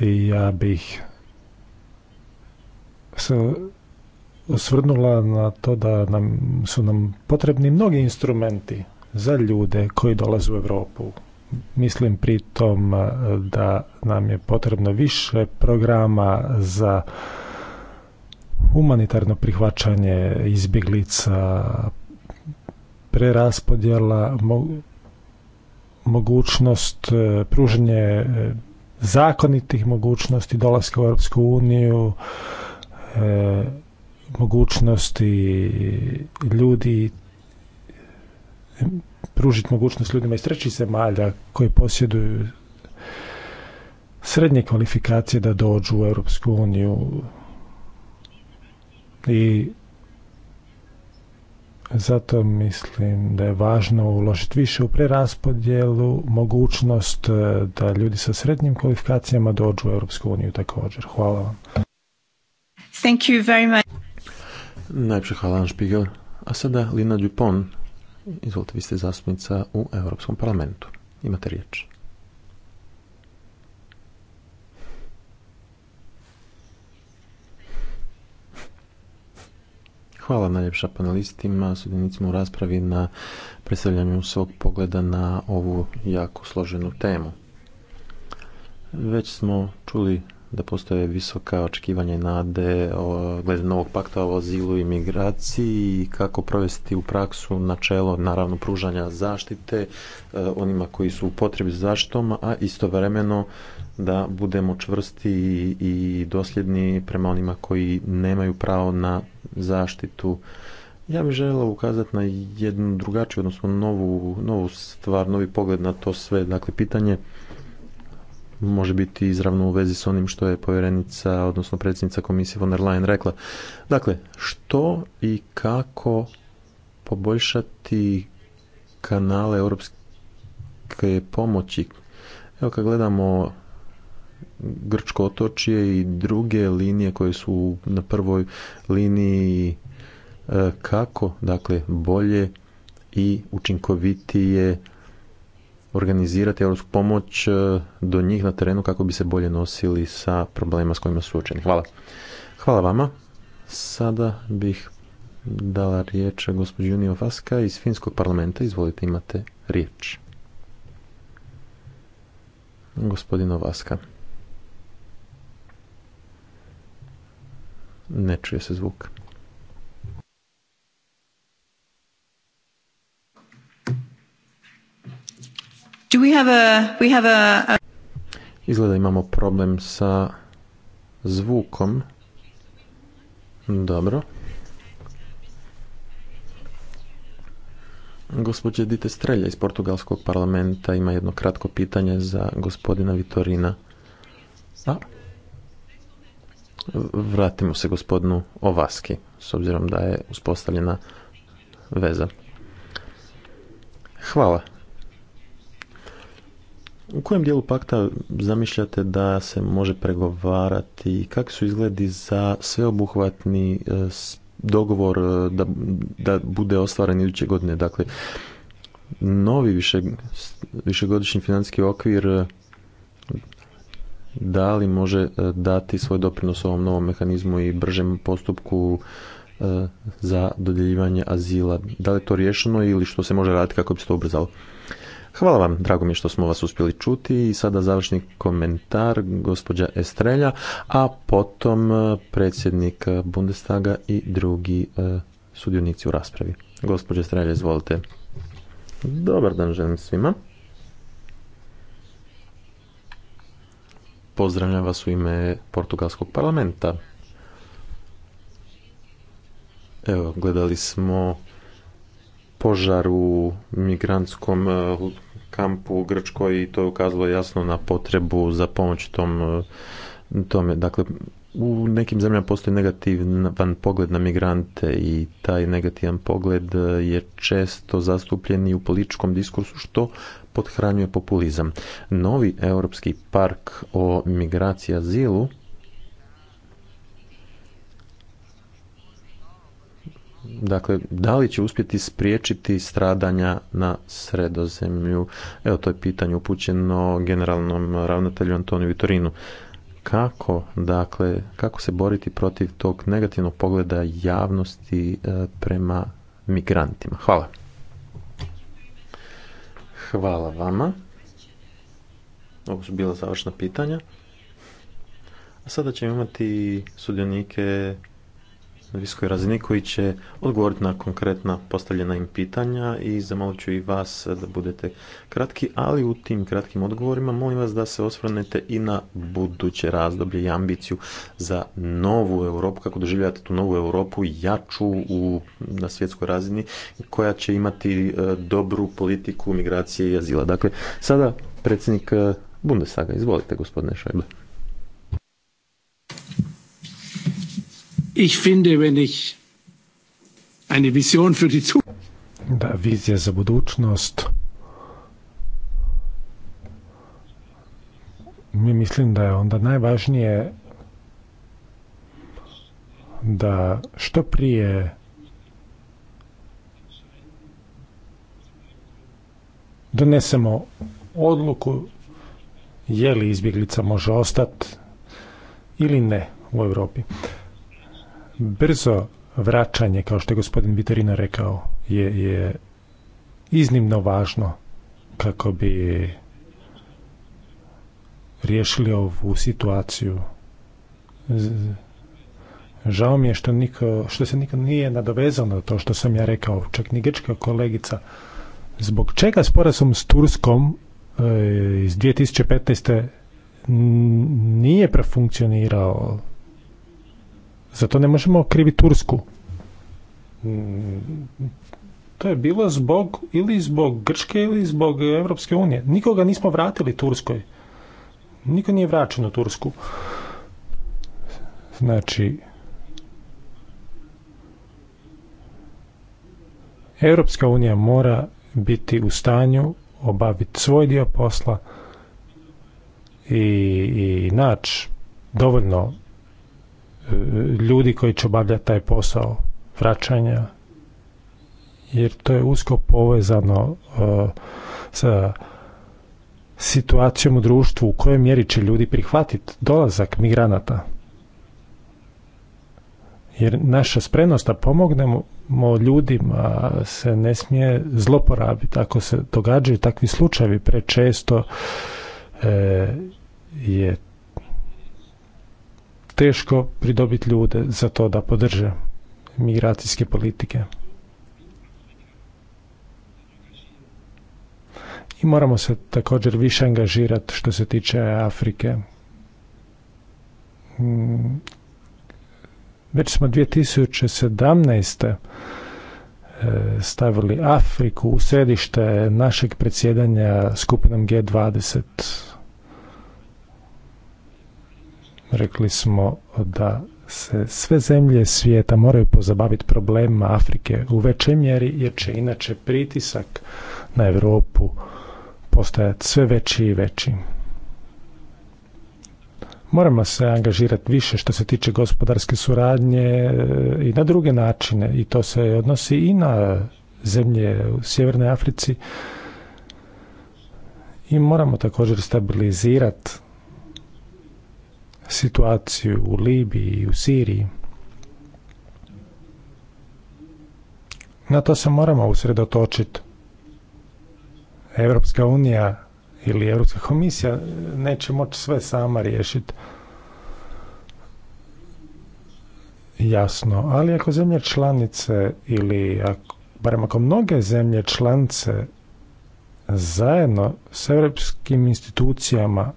i ja bih se osvrnula na to da su nam potrebni mnogi instrumenti za ljude koji dolaze u Europu Mislim pritom eh, da nam je potrebno više programa za humanitarno prihvaćanje izbjeglica, preraspodjela, mogućnost eh, pružanje eh, zakonitih mogućnosti dolaska u Europsku uniju, mogućnosti ljudi pružiti mogućnost ljudima iz trećih zemalja koji posjeduju srednje kvalifikacije da dođu u Europsku uniju i zato mislim da je važno uložiti više u preraspodjelu, mogućnost e, da ljudi sa srednjim kvalifikacijama dođu u Europsku uniju također. Hvala vam. Thank you very much. hvala vam, A sada Lina Dupont Izvolite, vi ste zastupnica u Europskom parlamentu. Imate riječ. Hvala najljepša panelistima, sudjenicima u raspravi na predstavljanju svog pogleda na ovu jako složenu temu. Već smo čuli da postoje visoka očekivanja i nade glede novog pakta o azilu i migraciji i kako provesti u praksu načelo naravno pružanja zaštite e, onima koji su u potrebi zaštitom, a istovremeno da budemo čvrsti i dosljedni prema onima koji nemaju pravo na zaštitu. Ja bih želio ukazati na jednu drugačiju, odnosno novu, novu stvar, novi pogled na to sve. Dakle, pitanje može biti izravno u vezi s onim što je povjerenica, odnosno predsjednica komisije von der Leyen rekla. Dakle, što i kako poboljšati kanale europske pomoći? Evo kad gledamo Grčko otočje i druge linije koje su na prvoj liniji e, kako, dakle, bolje i učinkovitije organizirati europsku pomoć e, do njih na terenu kako bi se bolje nosili sa problemima s kojima su suočeni. Hvala. Hvala vama. Sada bih dala riječ gospođi Unio Vaska iz Finskog parlamenta. Izvolite, imate riječ. Gospodino Vaska. Ne čuje se zvuk. Do Izgleda imamo problem sa zvukom. Dobro. Gospodje Dite Strelja iz Portugalskog parlamenta ima jedno kratko pitanje za gospodina Vitorina. Vratimo se gospodinu Ovaski, s obzirom da je uspostavljena veza. Hvala u kojem dijelu pakta zamišljate da se može pregovarati i kak su izgledi za sveobuhvatni e, dogovor e, da, da bude ostvaren iduće godine? Dakle, novi više, višegodišnji financijski okvir e, da li može dati svoj doprinos ovom novom mehanizmu i bržem postupku za dodjeljivanje azila? Da li je to riješeno ili što se može raditi kako bi se to ubrzalo? Hvala vam, drago mi je što smo vas uspjeli čuti i sada završni komentar gospođa Estrelja, a potom e, predsjednik Bundestaga i drugi e, sudionici u raspravi. Gospođa Estrelja, izvolite. Dobar dan želim svima. Pozdravljam vas u ime Portugalskog parlamenta. Evo, gledali smo požar u migrantskom e, kampu u Grčkoj i to je ukazalo jasno na potrebu za pomoć tom e, tome. Dakle, u nekim zemljama postoji negativan pogled na migrante i taj negativan pogled e, je često zastupljen i u političkom diskursu što podhranjuje populizam. Novi europski park o migraciji azilu dakle, da li će uspjeti spriječiti stradanja na sredozemlju? Evo, to je pitanje upućeno generalnom ravnatelju Antoniju Vitorinu. Kako, dakle, kako se boriti protiv tog negativnog pogleda javnosti e, prema migrantima? Hvala. Hvala vama. Ovo su bila završna pitanja. A sada ćemo imati sudionike na viskoj razini koji će odgovoriti na konkretna postavljena im pitanja i zamolit ću i vas da budete kratki, ali u tim kratkim odgovorima molim vas da se osvrnete i na buduće razdoblje i ambiciju za novu Europu, kako doživljate tu novu Europu jaču u, na svjetskoj razini koja će imati e, dobru politiku migracije i azila. Dakle, sada predsjednik e, Bundestaga, izvolite gospodine Šajbe. Ich finde, wenn ich eine Vision für die Zukunft. Da, vizija za budućnost. Mi mislim da je onda najvažnije da što prije donesemo odluku je li izbjeglica može ostati ili ne u Europi brzo vraćanje, kao što je gospodin Viterina rekao, je, je iznimno važno kako bi riješili ovu situaciju. Žao mi je što, niko, što se nikad nije nadovezao na to što sam ja rekao, čak ni grčka kolegica. Zbog čega sporazum s Turskom e, iz 2015. nije profunkcionirao zato ne možemo kriviti Tursku. To je bilo zbog ili zbog Grčke ili zbog Europske unije. Nikoga nismo vratili Turskoj. Niko nije vraćen u Tursku. Znači, Europska unija mora biti u stanju obaviti svoj dio posla i, i naći dovoljno E, ljudi koji će obavljati taj posao vraćanja jer to je usko povezano e, sa situacijom u društvu u kojoj mjeri će ljudi prihvatiti dolazak migranata. Jer naša spremnost da pomognemo ljudima se ne smije zloporabiti. Ako se događaju takvi slučajevi prečesto e, je teško pridobiti ljude za to da podrže migracijske politike. I moramo se također više angažirati što se tiče Afrike. Mm. Već smo 2017 e, stavili Afriku u središte našeg predsjedanja skupinom G20 Rekli smo da se sve zemlje svijeta moraju pozabaviti problemima Afrike u većoj mjeri jer će inače pritisak na Europu postajati sve veći i veći. Moramo se angažirati više što se tiče gospodarske suradnje e, i na druge načine i to se odnosi i na zemlje u Sjevernoj Africi i moramo također stabilizirati situaciju u Libiji i u Siriji. Na to se moramo usredotočiti. Europska unija ili Europska komisija neće moći sve sama riješiti. Jasno, ali ako zemlje članice ili ako, barem ako mnoge zemlje članice zajedno s europskim institucijama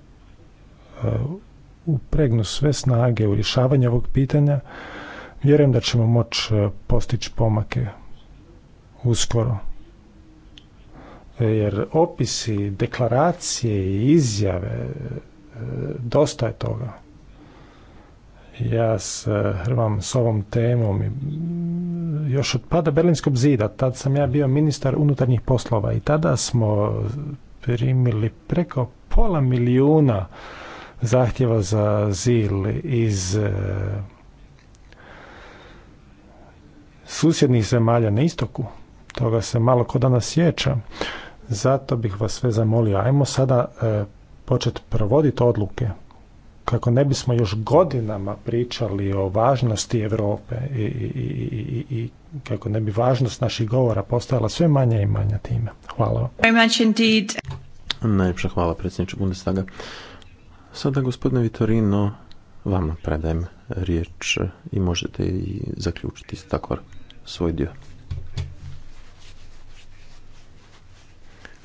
e, upregnu sve snage u rješavanje ovog pitanja, vjerujem da ćemo moći e, postići pomake uskoro. E, jer opisi, deklaracije i izjave, e, dosta je toga. Ja se hrvam s ovom temom još od pada Berlinskog zida. Tad sam ja bio ministar unutarnjih poslova i tada smo primili preko pola milijuna zahtjeva za zil iz e, susjednih zemalja na istoku, toga se malo ko danas sjeća, zato bih vas sve zamolio, ajmo sada e, početi provoditi odluke kako ne bismo još godinama pričali o važnosti Europe i, i, i, i, kako ne bi važnost naših govora postajala sve manja i manja time. Hvala vam. Najpša hvala predsjedniče Bundestaga. Sada gospodine Vitorino, vam predajem riječ i možete i zaključiti tako svoj dio.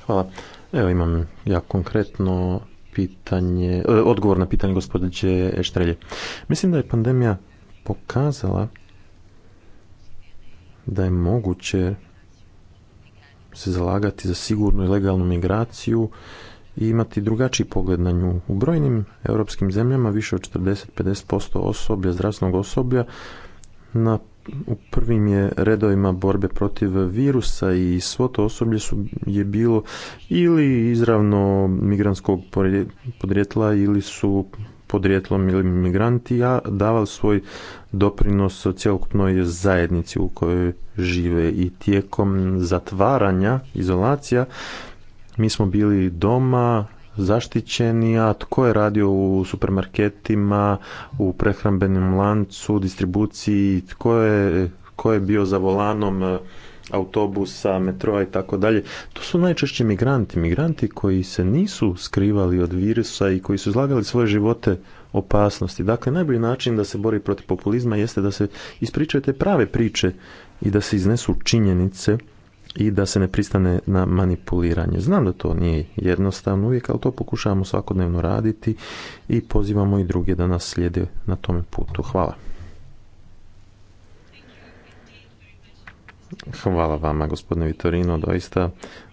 Hvala. Evo imam ja konkretno pitanje, e, odgovor na pitanje gospođe Eštrelje. Mislim da je pandemija pokazala da je moguće se zalagati za sigurnu i legalnu migraciju i imati drugačiji pogled na nju. U brojnim europskim zemljama više od 40-50% osoblja, zdravstvenog osoblja na u prvim je redovima borbe protiv virusa i svo to osoblje su, je bilo ili izravno migranskog podrijetla ili su podrijetlom ili migranti, a davali svoj doprinos cjelokupnoj zajednici u kojoj žive i tijekom zatvaranja, izolacija, mi smo bili doma, zaštićeni, a tko je radio u supermarketima, u prehrambenom lancu, distribuciji, tko je, tko je bio za volanom e, autobusa, metroa i tako dalje. To su najčešće migranti, migranti koji se nisu skrivali od virusa i koji su izlagali svoje živote opasnosti. Dakle, najbolji način da se bori protiv populizma jeste da se ispričaju te prave priče i da se iznesu činjenice i da se ne pristane na manipuliranje. Znam da to nije jednostavno uvijek, ali to pokušavamo svakodnevno raditi i pozivamo i druge da nas slijede na tome putu. Hvala. Hvala vama, gospodine Vitorino, doista.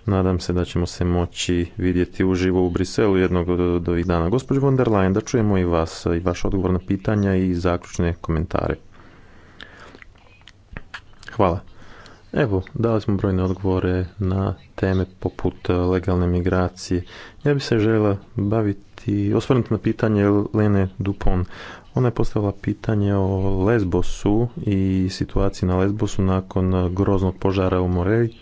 Nadam se da ćemo se moći vidjeti uživo u Briselu jednog od ovih dana. Gospođo von der Leyen, da čujemo i vas i vaš odgovor na pitanja i zaključne komentare. Hvala. Evo, dali smo brojne odgovore na teme poput e, legalne migracije. Ja bih se žela baviti, osvrnuti na pitanje Lene Dupon. Ona je postavila pitanje o Lesbosu i situaciji na Lesbosu nakon groznog požara u Moreji.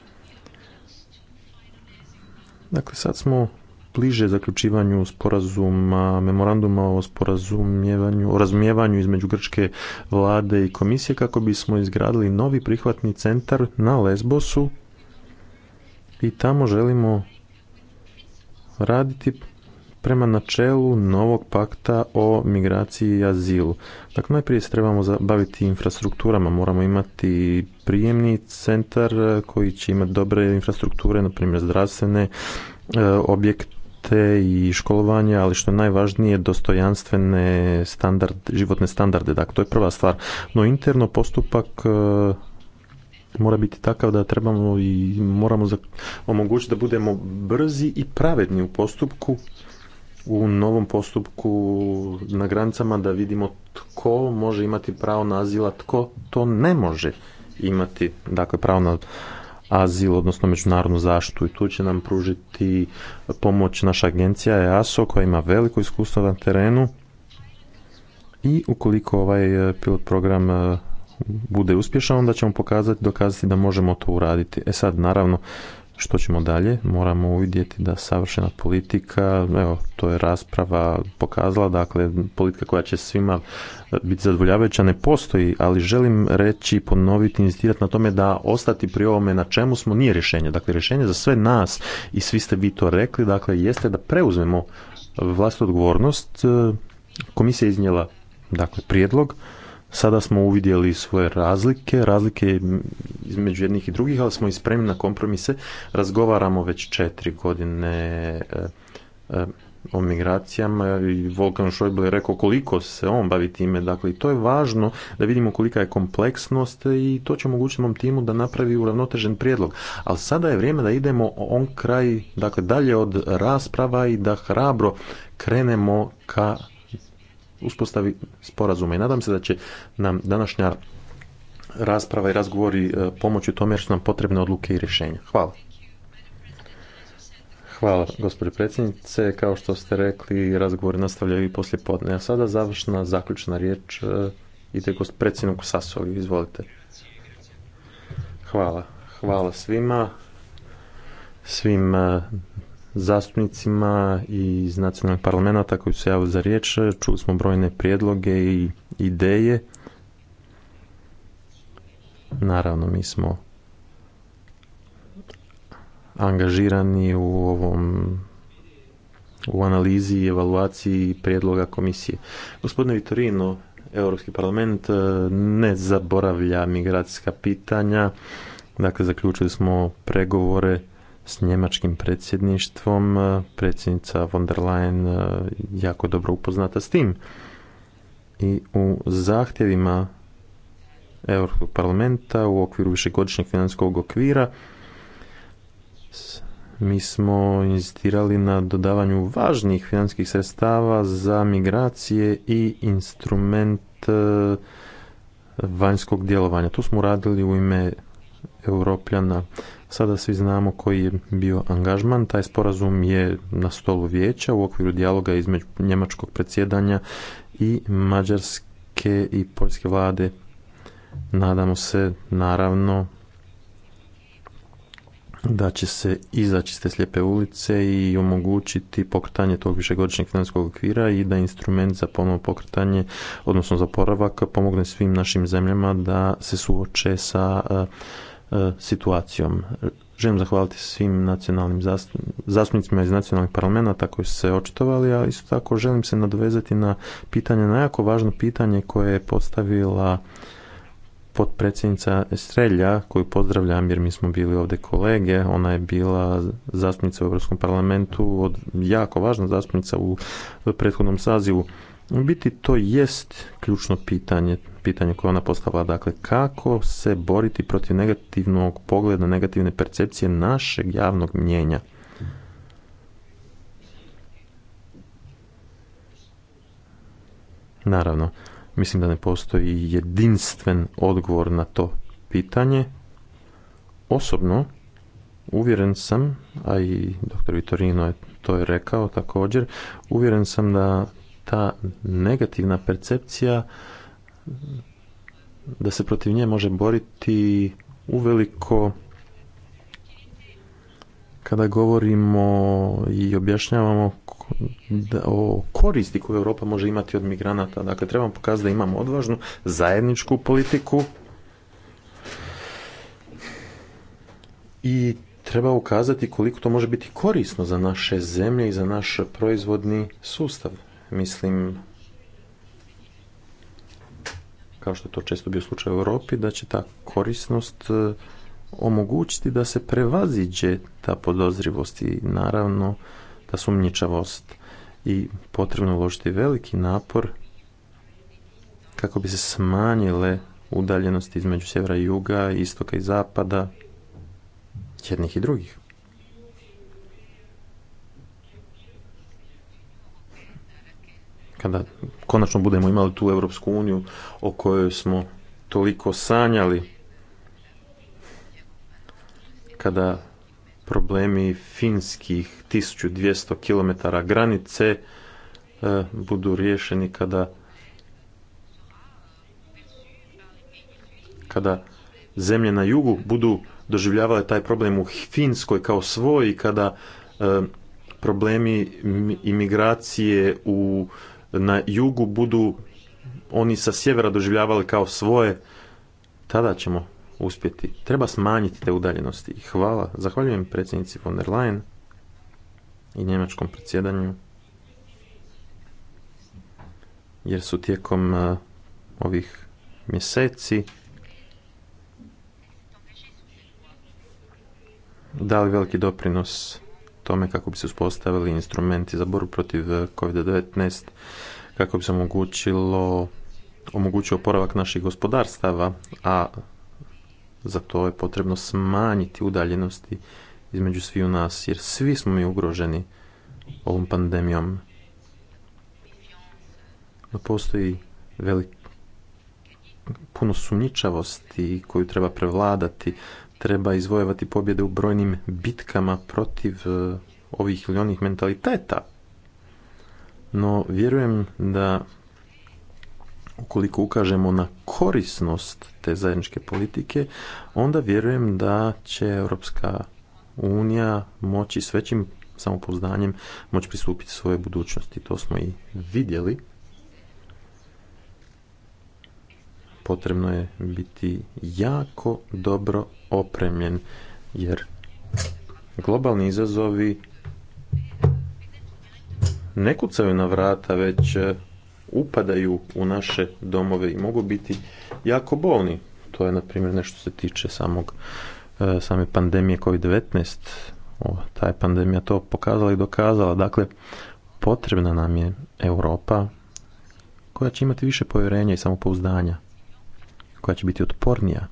Dakle, sad smo bliže zaključivanju sporazuma, memoranduma o sporazumijevanju, o razumijevanju između grčke vlade i komisije kako bismo izgradili novi prihvatni centar na Lesbosu i tamo želimo raditi prema načelu novog pakta o migraciji i azilu. Dakle, najprije se trebamo zabaviti infrastrukturama, moramo imati prijemni centar koji će imati dobre infrastrukture, na primjer zdravstvene e, objekte, i školovanja, ali što je najvažnije dostojanstvene standard, životne standarde. Dakle, to je prva stvar. No interno postupak e, mora biti takav da trebamo i moramo omogućiti da budemo brzi i pravedni u postupku u novom postupku na granicama da vidimo tko može imati pravo na azila, tko to ne može imati dakle pravo na azil, odnosno međunarodnu zaštitu i tu će nam pružiti pomoć naša agencija EASO koja ima veliko iskustvo na terenu i ukoliko ovaj e, pilot program e, bude uspješan, onda ćemo pokazati, dokazati da možemo to uraditi. E sad, naravno, što ćemo dalje? Moramo uvidjeti da savršena politika, evo, to je rasprava pokazala, dakle, politika koja će svima e, biti zadovoljavajuća ne postoji, ali želim reći, ponoviti, inzistirati na tome da ostati pri ovome na čemu smo nije rješenje. Dakle, rješenje za sve nas i svi ste vi to rekli, dakle, jeste da preuzmemo vlastnu odgovornost. E, komisija je iznijela, dakle, prijedlog, Sada smo uvidjeli svoje razlike, razlike između jednih i drugih, ali smo i spremni na kompromise. Razgovaramo već četiri godine e, e, o migracijama i Volkan Šojbel je rekao koliko se on bavi time. Dakle, to je važno da vidimo kolika je kompleksnost i to će omogućiti mom timu da napravi uravnotežen prijedlog. Ali sada je vrijeme da idemo on kraj, dakle, dalje od rasprava i da hrabro krenemo ka uspostavi sporazuma i nadam se da će nam današnja rasprava i razgovori e, pomoći u tome jer su nam potrebne odluke i rješenja. Hvala. Hvala, gospođo predsjednice. Kao što ste rekli, razgovori nastavljaju i poslije podne. A sada završna, zaključna riječ e, ide gospod predsjedniku Sasovi. Izvolite. Hvala. Hvala svima, svim e, zastupnicima iz nacionalnog parlamenta koji su se javili za riječ. Čuli smo brojne prijedloge i ideje. Naravno, mi smo angažirani u ovom u analizi i evaluaciji prijedloga komisije. Gospodine Vitorino, Europski parlament eh, ne zaboravlja migracijska pitanja. Dakle, zaključili smo pregovore s njemačkim predsjedništvom, e, predsjednica von der Leyen e, jako dobro upoznata s tim. I u zahtjevima Europskog parlamenta u okviru višegodišnjeg financijskog okvira mi smo inzistirali na dodavanju važnih financijskih sredstava za migracije i instrument e, vanjskog djelovanja. Tu smo radili u ime Europljana. Sada svi znamo koji je bio angažman. Taj sporazum je na stolu vijeća u okviru dijaloga između njemačkog predsjedanja i mađarske i poljske vlade. Nadamo se naravno da će se izaći s te slijepe ulice i omogućiti pokretanje tog višegodišnjeg financijskog okvira i da instrument za ponovno pokretanje, odnosno za poravak, pomogne svim našim zemljama da se suoče sa E, situacijom. Želim zahvaliti svim nacionalnim zastupnicima iz nacionalnih parlamenta koji su se očitovali, a isto tako želim se nadovezati na pitanje, na jako važno pitanje koje je postavila potpredsjednica Estrelja, koju pozdravljam jer mi smo bili ovdje kolege, ona je bila zastupnica u Europskom parlamentu, od, jako važna zastupnica u prethodnom sazivu. U biti to jest ključno pitanje pitanje koje ona postavila, dakle kako se boriti protiv negativnog pogleda, negativne percepcije našeg javnog mnjenja. Naravno, mislim da ne postoji jedinstven odgovor na to pitanje. Osobno, uvjeren sam, a i dr. Vitorino je to je rekao također, uvjeren sam da ta negativna percepcija da se protiv nje može boriti uveliko kada govorimo i objašnjavamo o koristi koju Europa može imati od migranata. Dakle, trebamo pokazati da imamo odvažnu zajedničku politiku i treba ukazati koliko to može biti korisno za naše zemlje i za naš proizvodni sustav. Mislim kao što je to često bio slučaj u Europi, da će ta korisnost e, omogućiti da se prevaziđe ta podozrivost i naravno ta sumnjičavost i potrebno uložiti veliki napor kako bi se smanjile udaljenosti između sjevera i juga, istoka i zapada, jednih i drugih. kada konačno budemo imali tu Europsku uniju o kojoj smo toliko sanjali, kada problemi finskih 1200 km granice e, budu riješeni kada kada zemlje na jugu budu doživljavale taj problem u Finskoj kao svoj i kada e, problemi imigracije u na jugu budu oni sa sjevera doživljavali kao svoje, tada ćemo uspjeti. Treba smanjiti te udaljenosti. Hvala. Zahvaljujem predsjednici von der Leyen i njemačkom predsjedanju jer su tijekom eh, ovih mjeseci dali veliki doprinos tome kako bi se uspostavili instrumenti za borbu protiv eh, COVID-19, kako bi se omogućilo, omogućio oporavak naših gospodarstava, a za to je potrebno smanjiti udaljenosti između u nas, jer svi smo mi ugroženi ovom pandemijom. No postoji velik, puno sumničavosti koju treba prevladati, treba izvojevati pobjede u brojnim bitkama protiv e, ovih ili onih mentaliteta. No vjerujem da ukoliko ukažemo na korisnost te zajedničke politike, onda vjerujem da će Europska unija moći s većim samopouzdanjem moći pristupiti svoje budućnosti. To smo i vidjeli. Potrebno je biti jako dobro opremljen jer globalni izazovi ne kucaju na vrata već e, upadaju u naše domove i mogu biti jako bolni. To je na primjer nešto se tiče samog e, same pandemije COVID-19. Ta je pandemija to pokazala i dokazala. Dakle, potrebna nam je Europa koja će imati više povjerenja i samopouzdanja, koja će biti otpornija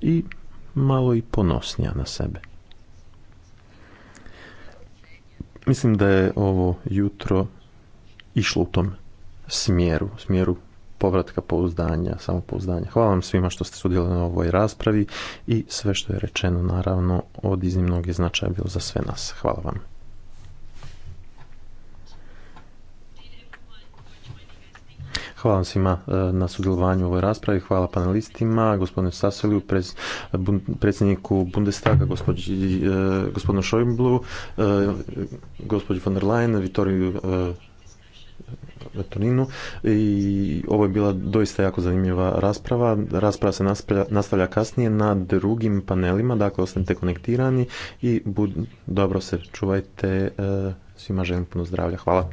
i malo i ponosnija na sebe. Mislim da je ovo jutro išlo u tom smjeru, smjeru povratka pouzdanja, samopouzdanja. Hvala vam svima što ste sudjelovali na ovoj raspravi i sve što je rečeno naravno od iznimnog je značaja bilo za sve nas. Hvala vam. Hvala vam svima e, na sudjelovanju u ovoj raspravi. Hvala panelistima, gospodinu Sasoliju, predsjedniku Bundestaga, e, gospodinu Šojmblu, e, von der Leyen, Vitoriju i ovo je bila doista jako zanimljiva rasprava. Rasprava se nastavlja kasnije na drugim panelima, dakle ostanite konektirani i dobro se čuvajte. Svima želim puno zdravlja. Hvala.